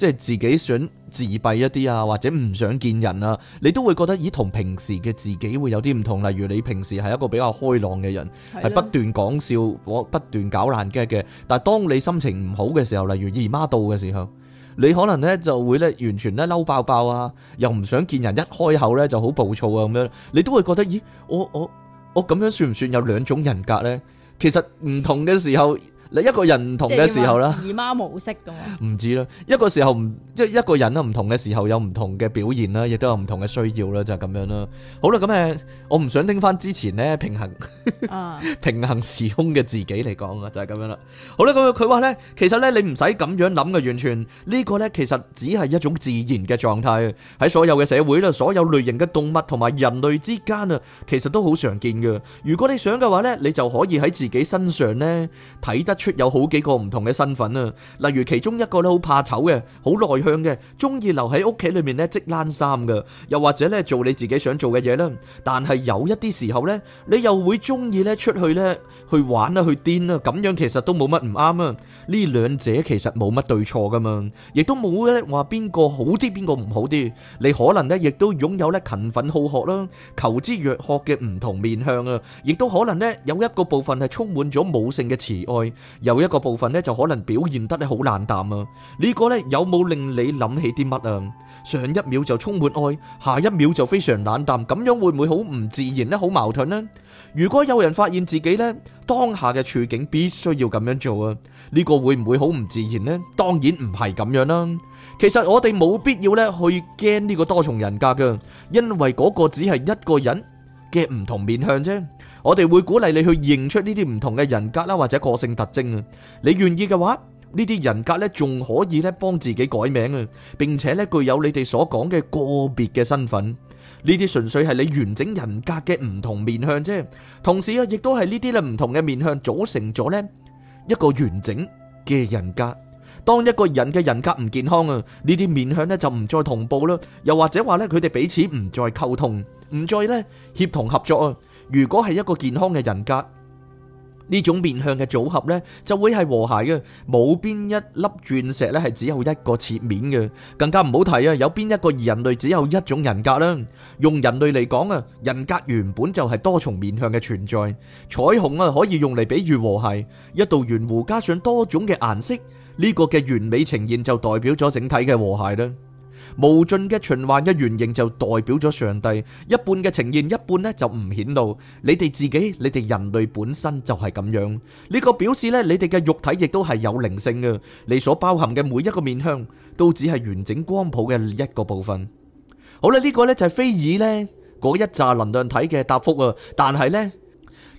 [SPEAKER 2] 即係自己想自閉一啲啊，或者唔想見人啊，你都會覺得咦，同平時嘅自己會有啲唔同。例如你平時係一個比較開朗嘅人，係了不斷講笑，我不斷搞爛 gag 嘅。但係當你心情唔好嘅時候，例如姨媽到嘅時候，你可能呢就會呢完全呢嬲爆爆啊，又唔想見人，一開口呢就好暴躁啊咁樣。你都會覺得咦，我我我咁樣算唔算有兩種人格呢？其實唔同嘅時候。你一個人唔同嘅時候啦，姨
[SPEAKER 1] 媽模式噶嘛？唔
[SPEAKER 2] 知啦，一個時候唔即係一個人啦，唔同嘅時候有唔同嘅表現啦，亦都有唔同嘅需要啦，就係咁樣啦。好啦，咁誒，我唔想聽翻之前咧平行，平行時空嘅自己嚟講啊，就係咁樣啦。好啦，咁佢話咧，其實咧你唔使咁樣諗嘅，完全呢個咧其實只係一種自然嘅狀態，喺所有嘅社會啦，所有類型嘅動物同埋人類之間啊，其實都好常見噶。如果你想嘅話咧，你就可以喺自己身上咧睇得。出有好幾個唔同嘅身份啊，例如其中一個咧好怕醜嘅，好內向嘅，中意留喺屋企裏面咧織冷衫噶，又或者咧做你自己想做嘅嘢啦。但係有一啲時候咧，你又會中意咧出去咧去玩啊，去癲啊，咁樣其實都冇乜唔啱啊。呢兩者其實冇乜對錯噶嘛，亦都冇咧話邊個好啲，邊個唔好啲。你可能咧亦都擁有咧勤奮好學啦、求知若渴嘅唔同面向啊，亦都可能咧有一個部分係充滿咗母性嘅慈愛。有一個部分咧就可能表現得咧好冷淡啊，呢個呢，有冇令你諗起啲乜啊？上一秒就充滿愛，下一秒就非常冷淡，咁樣會唔會好唔自然呢？好矛盾咧？如果有人發現自己呢，當下嘅處境必須要咁樣做啊，呢個會唔會好唔自然呢？當然唔係咁樣啦。其實我哋冇必要咧去驚呢個多重人格噶，因為嗰個只係一個人。嘅唔同面向啫，我哋會鼓勵你去認出呢啲唔同嘅人格啦，或者個性特徵啊。你願意嘅話，呢啲人格呢，仲可以咧幫自己改名啊，並且呢，具有你哋所講嘅個別嘅身份。呢啲純粹係你完整人格嘅唔同面向啫，同時啊，亦都係呢啲啦唔同嘅面向組成咗呢一個完整嘅人格。當一個人嘅人格唔健康啊，呢啲面向呢就唔再同步啦，又或者話呢佢哋彼此唔再溝通，唔再呢協同合作啊。如果係一個健康嘅人格，呢種面向嘅組合呢就會係和諧嘅，冇邊一粒鑽石呢係只有一個切面嘅，更加唔好提啊，有邊一個人類只有一種人格啦。用人類嚟講啊，人格原本就係多重面向嘅存在，彩虹啊可以用嚟比喻和諧，一道圓弧加上多種嘅顏色。呢個嘅完美呈現就代表咗整體嘅和諧啦，無盡嘅循環一圓形就代表咗上帝，一半嘅呈現，一半呢就唔顯露。你哋自己，你哋人類本身就係咁樣。呢、這個表示呢，你哋嘅肉體亦都係有靈性嘅，你所包含嘅每一個面向都只係完整光譜嘅一個部分。好啦，呢、這個呢就係菲爾呢嗰一咋能量體嘅答復啊，但係呢。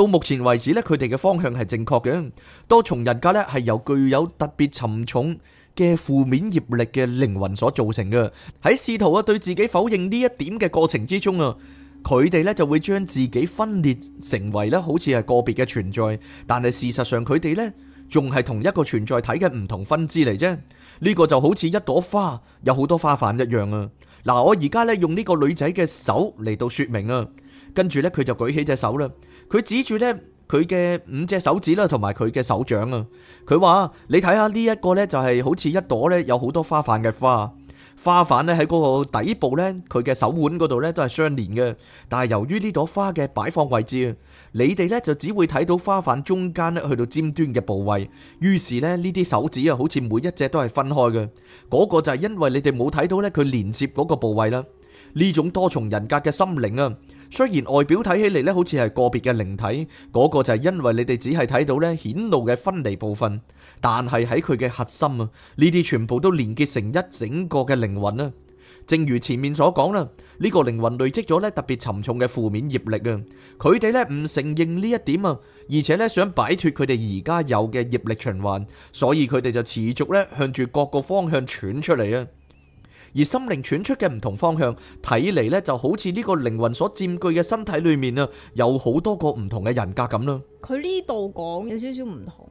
[SPEAKER 2] 到目前為止咧，佢哋嘅方向係正確嘅。多重人格咧係由具有特別沉重嘅負面業力嘅靈魂所造成嘅。喺試圖啊對自己否認呢一點嘅過程之中啊，佢哋咧就會將自己分裂成為咧好似係個別嘅存在，但係事實上佢哋咧仲係同一個存在體嘅唔同分支嚟啫。呢個就好似一朵花，有好多花瓣一樣啊。嗱，我而家咧用呢個女仔嘅手嚟到說明啊，跟住咧佢就舉起隻手啦。佢指住咧佢嘅五隻手指啦，同埋佢嘅手掌啊。佢話：你睇下呢一個呢，就係好似一朵呢，有好多花瓣嘅花，花瓣呢，喺嗰個底部呢，佢嘅手腕嗰度呢，都係相連嘅。但係由於呢朵花嘅擺放位置，啊，你哋呢，就只會睇到花瓣中間呢，去到尖端嘅部位。於是呢，呢啲手指啊，好似每一隻都係分開嘅。嗰、嗰個就係因為你哋冇睇到呢，佢連接嗰個部位啦。呢種多重人格嘅心靈啊，雖然外表睇起嚟咧，好似係個別嘅靈體，嗰個就係因為你哋只係睇到咧顯露嘅分離部分，但係喺佢嘅核心啊，呢啲全部都連結成一整個嘅靈魂啊。正如前面所講啦，呢個靈魂累積咗咧特別沉重嘅負面業力啊，佢哋咧唔承認呢一點啊，而且咧想擺脫佢哋而家有嘅業力循環，所以佢哋就持續咧向住各個方向竄出嚟啊。而心靈傳出嘅唔同方向，睇嚟呢就好似呢個靈魂所佔據嘅身體裏面啊，有好多個唔同嘅人格咁啦。
[SPEAKER 1] 佢呢度講有少少唔同，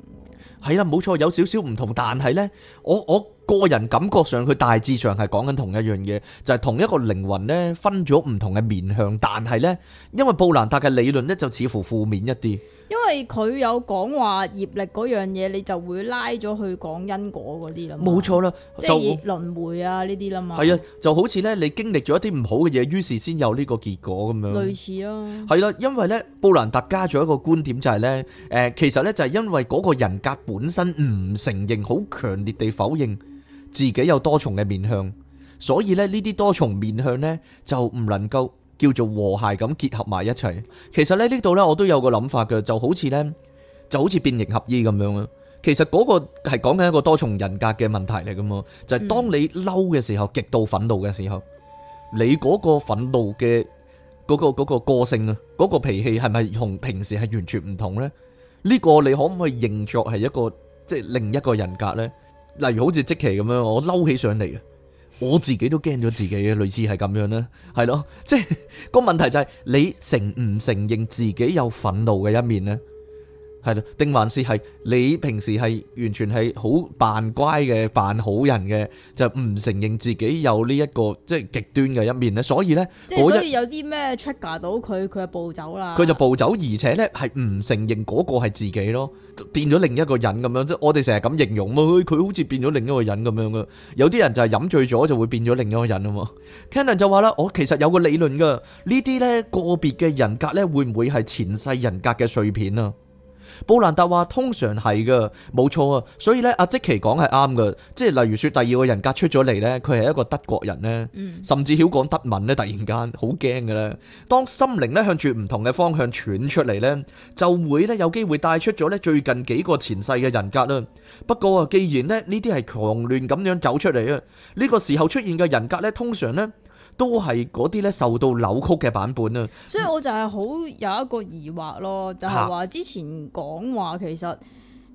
[SPEAKER 2] 係啦，冇錯，有少少唔同，但係呢，我我個人感覺上，佢大致上係講緊同一樣嘢，就係、是、同一個靈魂呢分咗唔同嘅面向，但係呢，因為布蘭特嘅理論呢，就似乎負面一啲。
[SPEAKER 1] 因為佢有講話業力嗰樣嘢，你就會拉咗去講因果嗰啲啦。冇錯
[SPEAKER 2] 啦，即係
[SPEAKER 1] 輪迴啊呢啲啦嘛。係啊，
[SPEAKER 2] 就好似咧你經歷咗一啲唔好嘅嘢，於是先有呢個結果咁樣。類似咯。係啦，因為咧布蘭特加咗一個觀點就係咧，誒，其實咧就係因為嗰個人格本身唔承認，好強烈地否認自己有多重嘅面向，所以咧呢啲多重面向咧就唔能夠。叫做和諧咁結合埋一齊。其實咧呢度咧我都有個諗法嘅，就好似咧就好似變形合依咁樣啊。其實嗰個係講緊一個多重人格嘅問題嚟噶嘛。就係當你嬲嘅時候，極度憤怒嘅時候，你嗰個憤怒嘅嗰個嗰個個性啊，嗰個脾氣係咪同平時係完全唔同咧？呢個你可唔可以認作係一個即係另一個人格咧？例如好似即奇咁樣，我嬲起上嚟啊！我自己都驚咗自己嘅，類似係咁樣啦，係咯，即係個問題就係你承唔承認自己有憤怒嘅一面咧？係咯，定還是係你平時係完全係好扮乖嘅，扮好人嘅，就唔承認自己有呢一個即係極端嘅一面咧。所以咧，即係所以
[SPEAKER 1] 有啲咩 trigger 到佢，佢就暴走啦。佢
[SPEAKER 2] 就暴走，而且咧係唔承認嗰個係自己咯，變咗另一個人咁樣。即係我哋成日咁形容嘛，佢佢好似變咗另一個人咁樣噶。有啲人就係飲醉咗就會變咗另一個人啊嘛。Cannon 就話啦，我其實有個理論噶，呢啲咧個別嘅人格咧會唔會係前世人格嘅碎片啊？布蘭達話：通常係噶，冇錯啊。所以呢，阿即奇講係啱㗎。即係例如說，第二個人格出咗嚟呢，佢係一個德國人呢，嗯、甚至曉講德文呢，突然間好驚嘅啦。當心靈咧向住唔同嘅方向竄出嚟呢，就會咧有機會帶出咗呢最近幾個前世嘅人格啦。不過啊，既然呢呢啲係狂亂咁樣走出嚟啊，呢、這個時候出現嘅人格呢，通常呢。都係嗰啲咧受到扭曲嘅版本啦，
[SPEAKER 1] 所以我就係好有一個疑惑咯，就係話之前講話其實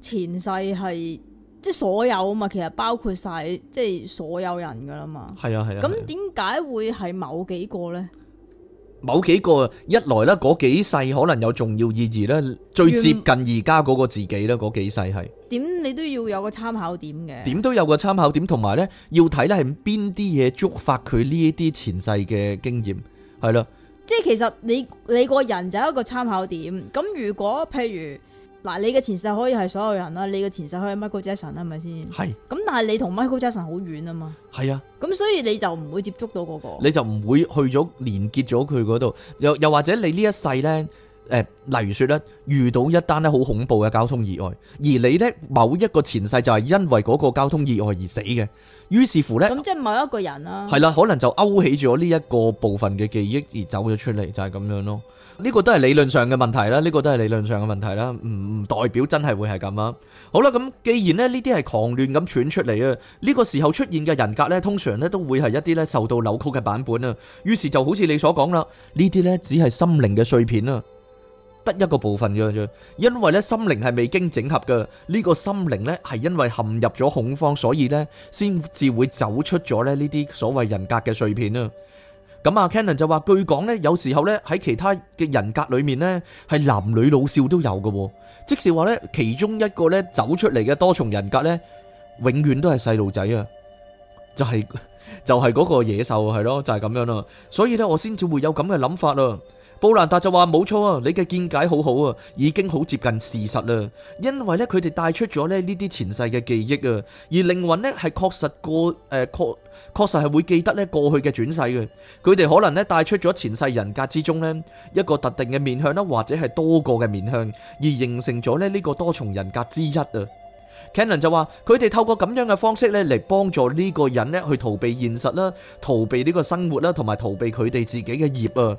[SPEAKER 1] 前世係即係所有啊嘛，其實包括晒即係所有人噶啦嘛，
[SPEAKER 2] 係啊係啊，咁點
[SPEAKER 1] 解會係某幾個呢？
[SPEAKER 2] 某幾個一來咧嗰幾世可能有重要意義咧，最接近而家嗰個自己咧嗰幾世係。
[SPEAKER 1] 點你都要有個參考點嘅，點
[SPEAKER 2] 都有個參考點，同埋呢，要睇咧係邊啲嘢觸發佢呢一啲前世嘅經驗，係咯。
[SPEAKER 1] 即係其實你你個人就有一個參考點。咁如果譬如嗱，你嘅前世可以係所有人啦，你嘅前世可以係 Michael Jackson 係咪先？係。咁但係你同 Michael Jackson 好遠啊嘛。係啊。咁所以你就唔會接觸到嗰個，你
[SPEAKER 2] 就唔會去咗連結咗佢嗰度。又又或者你呢一世呢？例如說咧，遇到一單咧好恐怖嘅交通意外，而你咧某一個前世就係因為嗰個交通意外而死嘅，於是乎呢，咁即係某一
[SPEAKER 1] 個人啊，係啦，可
[SPEAKER 2] 能就勾起咗呢一個部分嘅記憶而走咗出嚟，就係咁樣咯。呢個都係理論上嘅問題啦，呢個都係理論上嘅問題啦，唔代表真係會係咁啊。好啦，咁既然咧呢啲係狂亂咁竄出嚟啊，呢個時候出現嘅人格呢，通常呢都會係一啲咧受到扭曲嘅版本啊，於是就好似你所講啦，呢啲呢只係心靈嘅碎片啊。得一個部分嘅啫，因為咧心靈係未經整合嘅，呢個心靈咧係因為陷入咗恐慌，所以咧先至會走出咗咧呢啲所謂人格嘅碎片啊。咁啊，Cannon 就話：據講咧，有時候咧喺其他嘅人格裡面咧，係男女老少都有嘅喎。即是話咧，其中一個咧走出嚟嘅多重人格咧，永遠都係細路仔啊，就係就係嗰個野獸係咯，就係咁樣啦。所以咧，我先至會有咁嘅諗法啊。布蘭達就話，冇錯啊，你嘅見解好好啊，已經好接近事實啦。因為咧，佢哋帶出咗咧呢啲前世嘅記憶啊，而靈魂咧係確實過誒確確實係會記得咧過去嘅轉世嘅。佢哋可能咧帶出咗前世人格之中咧一個特定嘅面向啦，或者係多個嘅面向，而形成咗咧呢個多重人格之一啊。Cannon 就話，佢哋透過咁樣嘅方式咧嚟幫助呢個人咧去逃避現實啦，逃避呢個生活啦，同埋逃避佢哋自己嘅業啊。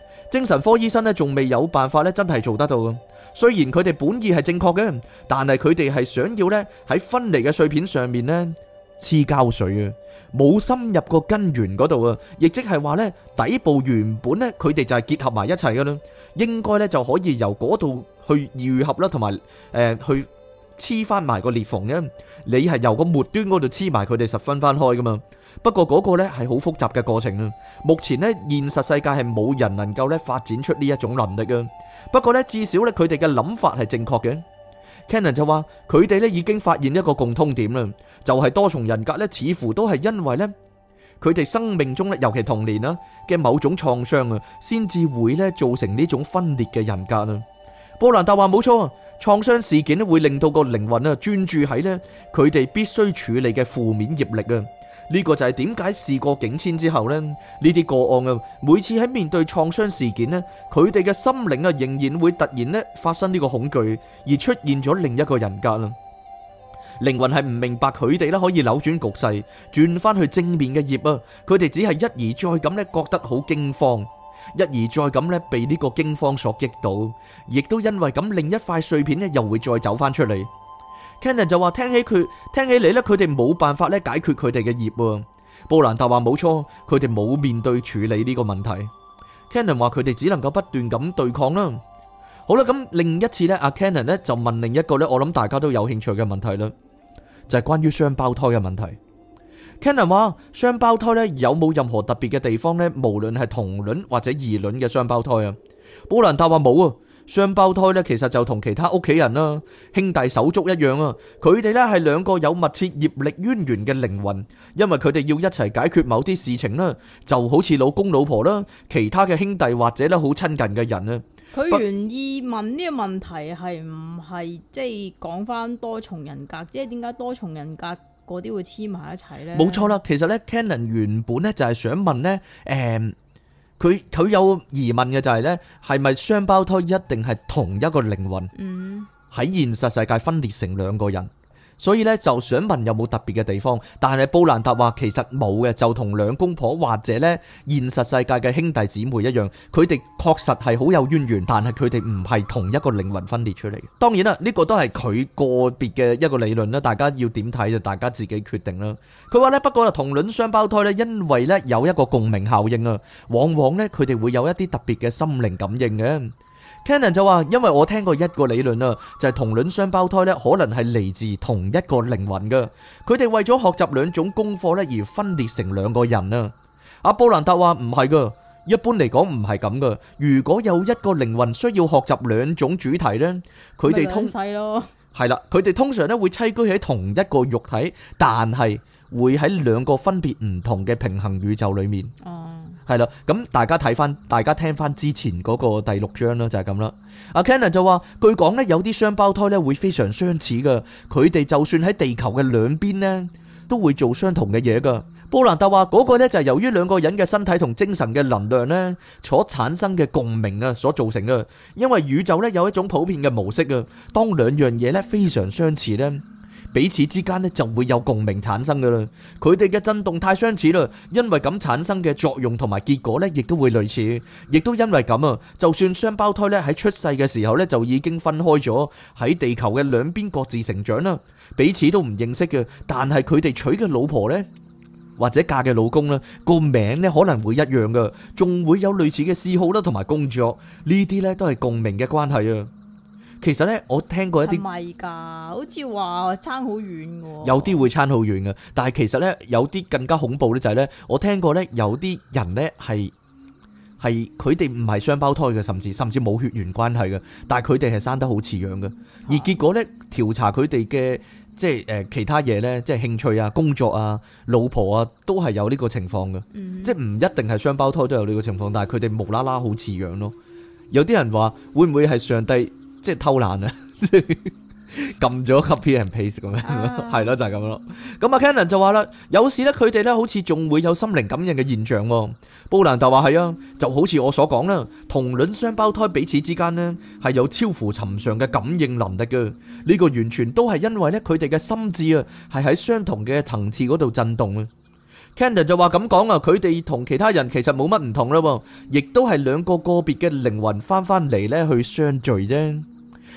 [SPEAKER 2] 精神科醫生咧，仲未有辦法咧，真係做得到。雖然佢哋本意係正確嘅，但係佢哋係想要咧喺分離嘅碎片上面咧，黐膠水啊，冇深入個根源嗰度啊，亦即係話咧底部，原本咧，佢哋就係結合埋一齊㗎啦，應該咧就可以由嗰度去癒合啦，同埋誒去。黐翻埋個裂縫嘅，你係由個末端嗰度黐埋佢哋十分翻開噶嘛？不過嗰個咧係好複雜嘅過程啊！目前咧現實世界係冇人能夠咧發展出呢一種能力啊！不過咧至少咧佢哋嘅諗法係正確嘅。Cannon 就話佢哋咧已經發現一個共通點啦，就係多重人格咧，似乎都係因為咧佢哋生命中咧，尤其童年啊嘅某種創傷啊，先至會咧造成呢種分裂嘅人格啊。波蘭達話冇錯。創傷事件咧會令到個靈魂咧專注喺咧佢哋必須處理嘅負面業力啊！呢個就係點解事過境遷之後呢，呢啲個案啊，每次喺面對創傷事件咧，佢哋嘅心靈啊仍然會突然咧發生呢個恐懼，而出現咗另一個人格啦。靈魂係唔明白佢哋啦可以扭轉局勢，轉翻去正面嘅業啊！佢哋只係一而再咁咧覺得好驚慌。一而再咁咧，被呢個驚慌所激到，亦都因為咁另一塊碎片咧，又會再走翻出嚟。Cannon 就話：聽起佢，聽起嚟呢，佢哋冇辦法咧解決佢哋嘅業。布蘭達話：冇錯，佢哋冇面對處理呢個問題。Cannon 話：佢哋只能夠不斷咁對抗啦。好啦，咁另一次呢，阿 Cannon 呢就問另一個呢，我諗大家都有興趣嘅問題啦，就係關於雙胞胎嘅問題。Kenan 話：雙胞胎咧有冇任何特別嘅地方咧？無論係同卵或者異卵嘅雙胞胎啊。布蘭達話冇啊。雙胞胎咧其實就同其他屋企人啦，兄弟手足一樣啊。佢哋咧係兩個有密切業力淵源嘅靈魂，因為佢哋要一齊解決某啲事情啦，就好似老公老婆啦，其他嘅兄弟或者咧好親近嘅人啊。
[SPEAKER 1] 佢願意問呢個問題係唔係即係講翻多重人格？即係點解多重人格？嗰啲會黐埋一齊咧，冇錯
[SPEAKER 2] 啦。其實咧，Canon 原本咧就係想問咧，誒、嗯，佢佢有疑問嘅就係、是、咧，係咪雙胞胎一定係同一個靈魂嗯，喺現實世界分裂成兩個人？所以咧就想問有冇特別嘅地方，但係布蘭達話其實冇嘅，就同兩公婆或者咧現實世界嘅兄弟姊妹一樣，佢哋確實係好有淵源，但係佢哋唔係同一個靈魂分裂出嚟。當然啦，呢個都係佢個別嘅一個理論啦，大家要點睇就大家自己決定啦。佢話咧，不過啊同卵雙胞胎咧，因為咧有一個共鳴效應啊，往往咧佢哋會有一啲特別嘅心靈感應嘅。Canon 就話，因為我聽過一個理論啊，就係同卵雙胞胎呢，可能係嚟自同一個靈魂㗎。佢哋為咗學習兩種功課呢，而分裂成兩個人啊。阿布蘭特話唔係噶，一般嚟講唔係咁噶。如果有一個靈魂需要學習兩種主題呢，佢哋通細咯。係啦，佢哋通常呢會棲居喺同一個肉體，但係會喺兩個分別唔同嘅平衡宇宙裡面。係啦，咁大家睇翻，大家聽翻之前嗰個第六章啦，就係咁啦。阿 Ken 就話，據講咧有啲雙胞胎咧會非常相似噶，佢哋就算喺地球嘅兩邊咧，都會做相同嘅嘢噶。布蘭達話嗰個咧就係由於兩個人嘅身體同精神嘅能量咧所產生嘅共鳴啊，所造成噶。因為宇宙咧有一種普遍嘅模式啊，當兩樣嘢咧非常相似咧，彼此之間咧就會有共鳴產生噶啦，佢哋嘅震動太相似啦，因為咁產生嘅作用同埋結果咧，亦都會類似，亦都因為咁啊，就算雙胞胎咧喺出世嘅時候咧就已經分開咗，喺地球嘅兩邊各自成長啦，彼此都唔認識嘅，但係佢哋娶嘅老婆咧或者嫁嘅老公咧，個名咧可能會一樣噶，仲會有類似嘅嗜好啦同埋工作，呢啲咧都係共鳴嘅關係啊。其實咧，我聽過一啲係咪
[SPEAKER 1] 噶？好似話差好遠
[SPEAKER 2] 嘅。有啲會差好遠嘅，但係其實咧，有啲更加恐怖咧，就係咧，我聽過咧，有啲人咧係係佢哋唔係雙胞胎嘅，甚至甚至冇血緣關係嘅，但係佢哋係生得好似樣嘅。itations? 啊、而結果咧，調查佢哋嘅即係誒其他嘢咧，即係興趣啊、工作啊、老婆啊，都係、hmm. 有呢個情況嘅。即係唔一定係雙胞胎都有呢個情況，但係佢哋無啦啦好似樣咯。有啲人話會唔會係上帝？即係偷懶啊！撳咗 copy and paste 咁樣，係咯，就係咁咯。咁啊，Cannon 就話啦，有時咧佢哋咧好似仲會有心靈感應嘅現象喎。布蘭達就話係啊，就好似我所講啦，同卵雙胞胎彼此之間咧係有超乎尋常嘅感應能力嘅。呢個完全都係因為咧佢哋嘅心智啊係喺相同嘅層次嗰度震動啊。Cannon 就話咁講啊，佢哋同其他人其實冇乜唔同啦，喎，亦都係兩個個別嘅靈魂翻翻嚟咧去相聚啫。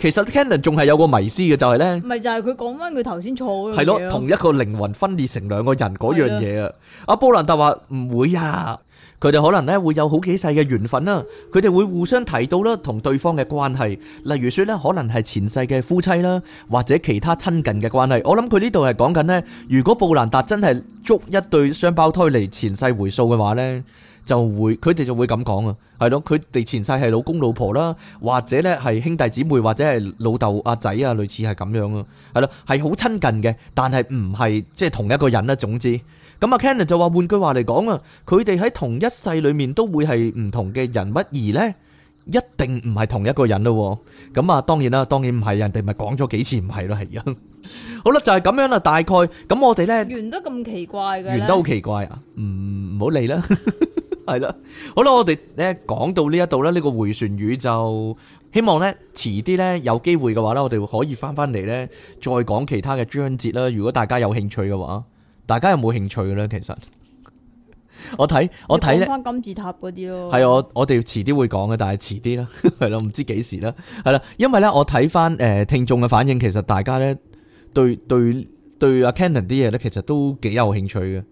[SPEAKER 2] 其實 Cannon 仲係有個迷思嘅，就係咧，
[SPEAKER 1] 唔係就係佢講翻佢頭先錯嘅嘢。係咯，同一
[SPEAKER 2] 個靈魂分裂成兩個人嗰樣嘢啊！阿布蘭達話唔會啊，佢哋可能咧會有好幾世嘅緣分啦，佢哋會互相提到啦，同對方嘅關係，例如說咧可能係前世嘅夫妻啦，或者其他親近嘅關係。我諗佢呢度係講緊咧，如果布蘭達真係捉一對雙胞胎嚟前世回溯嘅話咧。就會佢哋就會咁講啊，係咯，佢哋前世係老公老婆啦，或者咧係兄弟姊妹，或者係老豆阿仔啊，類似係咁樣咯，係咯，係好親近嘅，但係唔係即係同一個人啦。總之咁啊，Cannon 就話換句話嚟講啊，佢哋喺同一世裡面都會係唔同嘅人，乜而咧一定唔係同一個人咯。咁啊，當然啦，當然唔係人哋咪講咗幾次唔係咯，係啊。好啦，就係咁樣啦。大概咁，我哋咧完
[SPEAKER 1] 得咁奇怪嘅，完得好奇
[SPEAKER 2] 怪啊，唔好理啦。係啦，好啦，我哋咧講到呢一度咧，呢個回旋宇宙，希望咧遲啲咧有機會嘅話咧，我哋可以翻翻嚟咧，再講其他嘅章節啦。如果大家有興趣嘅話，大家有冇興趣嘅咧？其實我睇我睇翻
[SPEAKER 1] 金字塔嗰啲咯，係我
[SPEAKER 2] 我哋遲啲會講嘅，但係遲啲啦，係 啦，唔知幾時啦，係啦，因為咧我睇翻誒聽眾嘅反應，其實大家咧對對對對阿 Cannon 啲嘢咧，其實都幾有興趣嘅。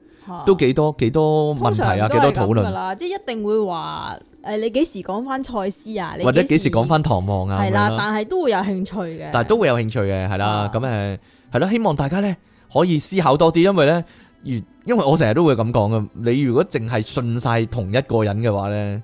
[SPEAKER 2] 都幾多幾多問題啊，幾多討論啦，
[SPEAKER 1] 即係一定會話誒、哎，你幾時講翻賽斯啊？或者幾
[SPEAKER 2] 時講翻唐望啊？係啦，吧但
[SPEAKER 1] 係都會有興趣嘅。但係
[SPEAKER 2] 都會有興趣嘅，係啦。咁誒係咯，希望大家咧可以思考多啲，因為咧，如因為我成日都會咁講嘅，你如果淨係信晒同一個人嘅話咧，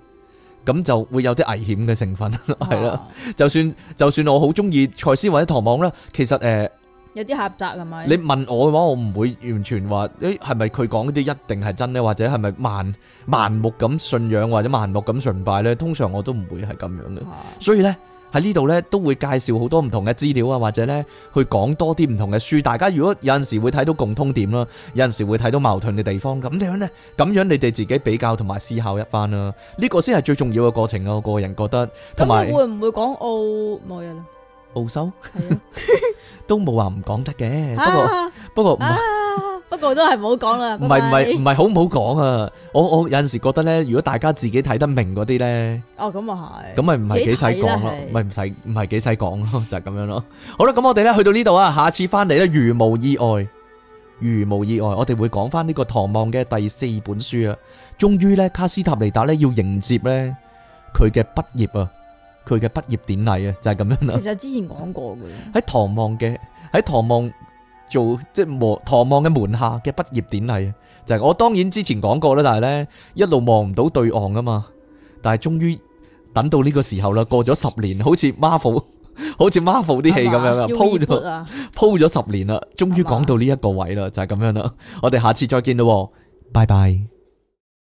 [SPEAKER 2] 咁就會有啲危險嘅成分係、啊、 啦。就算就算我好中意賽斯或者唐望啦，其實誒。呃
[SPEAKER 1] 有啲狹窄係咪？你
[SPEAKER 2] 問我嘅話，我唔會完全話，誒係咪佢講啲一定係真咧，或者係咪盲盲目咁信仰或者盲目咁崇拜呢？通常我都唔會係咁樣嘅。啊、所以呢，喺呢度呢，都會介紹好多唔同嘅資料啊，或者呢，去講多啲唔同嘅書。大家如果有陣時會睇到共通點啦，有陣時會睇到矛盾嘅地方咁樣呢，咁樣你哋自己比較同埋思考一番啦。呢、這個先係最重要嘅過程啊！我個人覺得，同埋會
[SPEAKER 1] 唔會講澳冇嘢
[SPEAKER 2] 報銷都冇話唔講得嘅，不過不過
[SPEAKER 1] 不過都係唔好講啦。唔係唔係唔係
[SPEAKER 2] 好唔好講啊？我我有陣時覺得咧，如果大家自己睇得明嗰啲咧，
[SPEAKER 1] 哦咁啊係，
[SPEAKER 2] 咁咪唔係幾使講咯，咪唔使唔係幾使講咯，就係咁樣咯。好啦，咁我哋咧去到呢度啊，下次翻嚟咧，如無意外，如無意外，我哋會講翻呢個《唐望》嘅第四本書啊。終於咧，卡斯塔尼達咧要迎接咧佢嘅畢業啊！佢嘅畢業典禮啊，就係咁樣啦。其實之前講過嘅，喺唐望嘅喺唐望做即係門唐望嘅門下嘅畢業典禮，就係我當然之前講過啦，但係咧一路望唔到對岸噶嘛，但係終於等到呢個時候啦，過咗十年，好似 Marvel 好似 Marvel 啲戲咁樣啦，鋪咗鋪咗十年啦，終於講到呢一個位啦，就係咁樣啦，我哋下次再見啦，拜拜。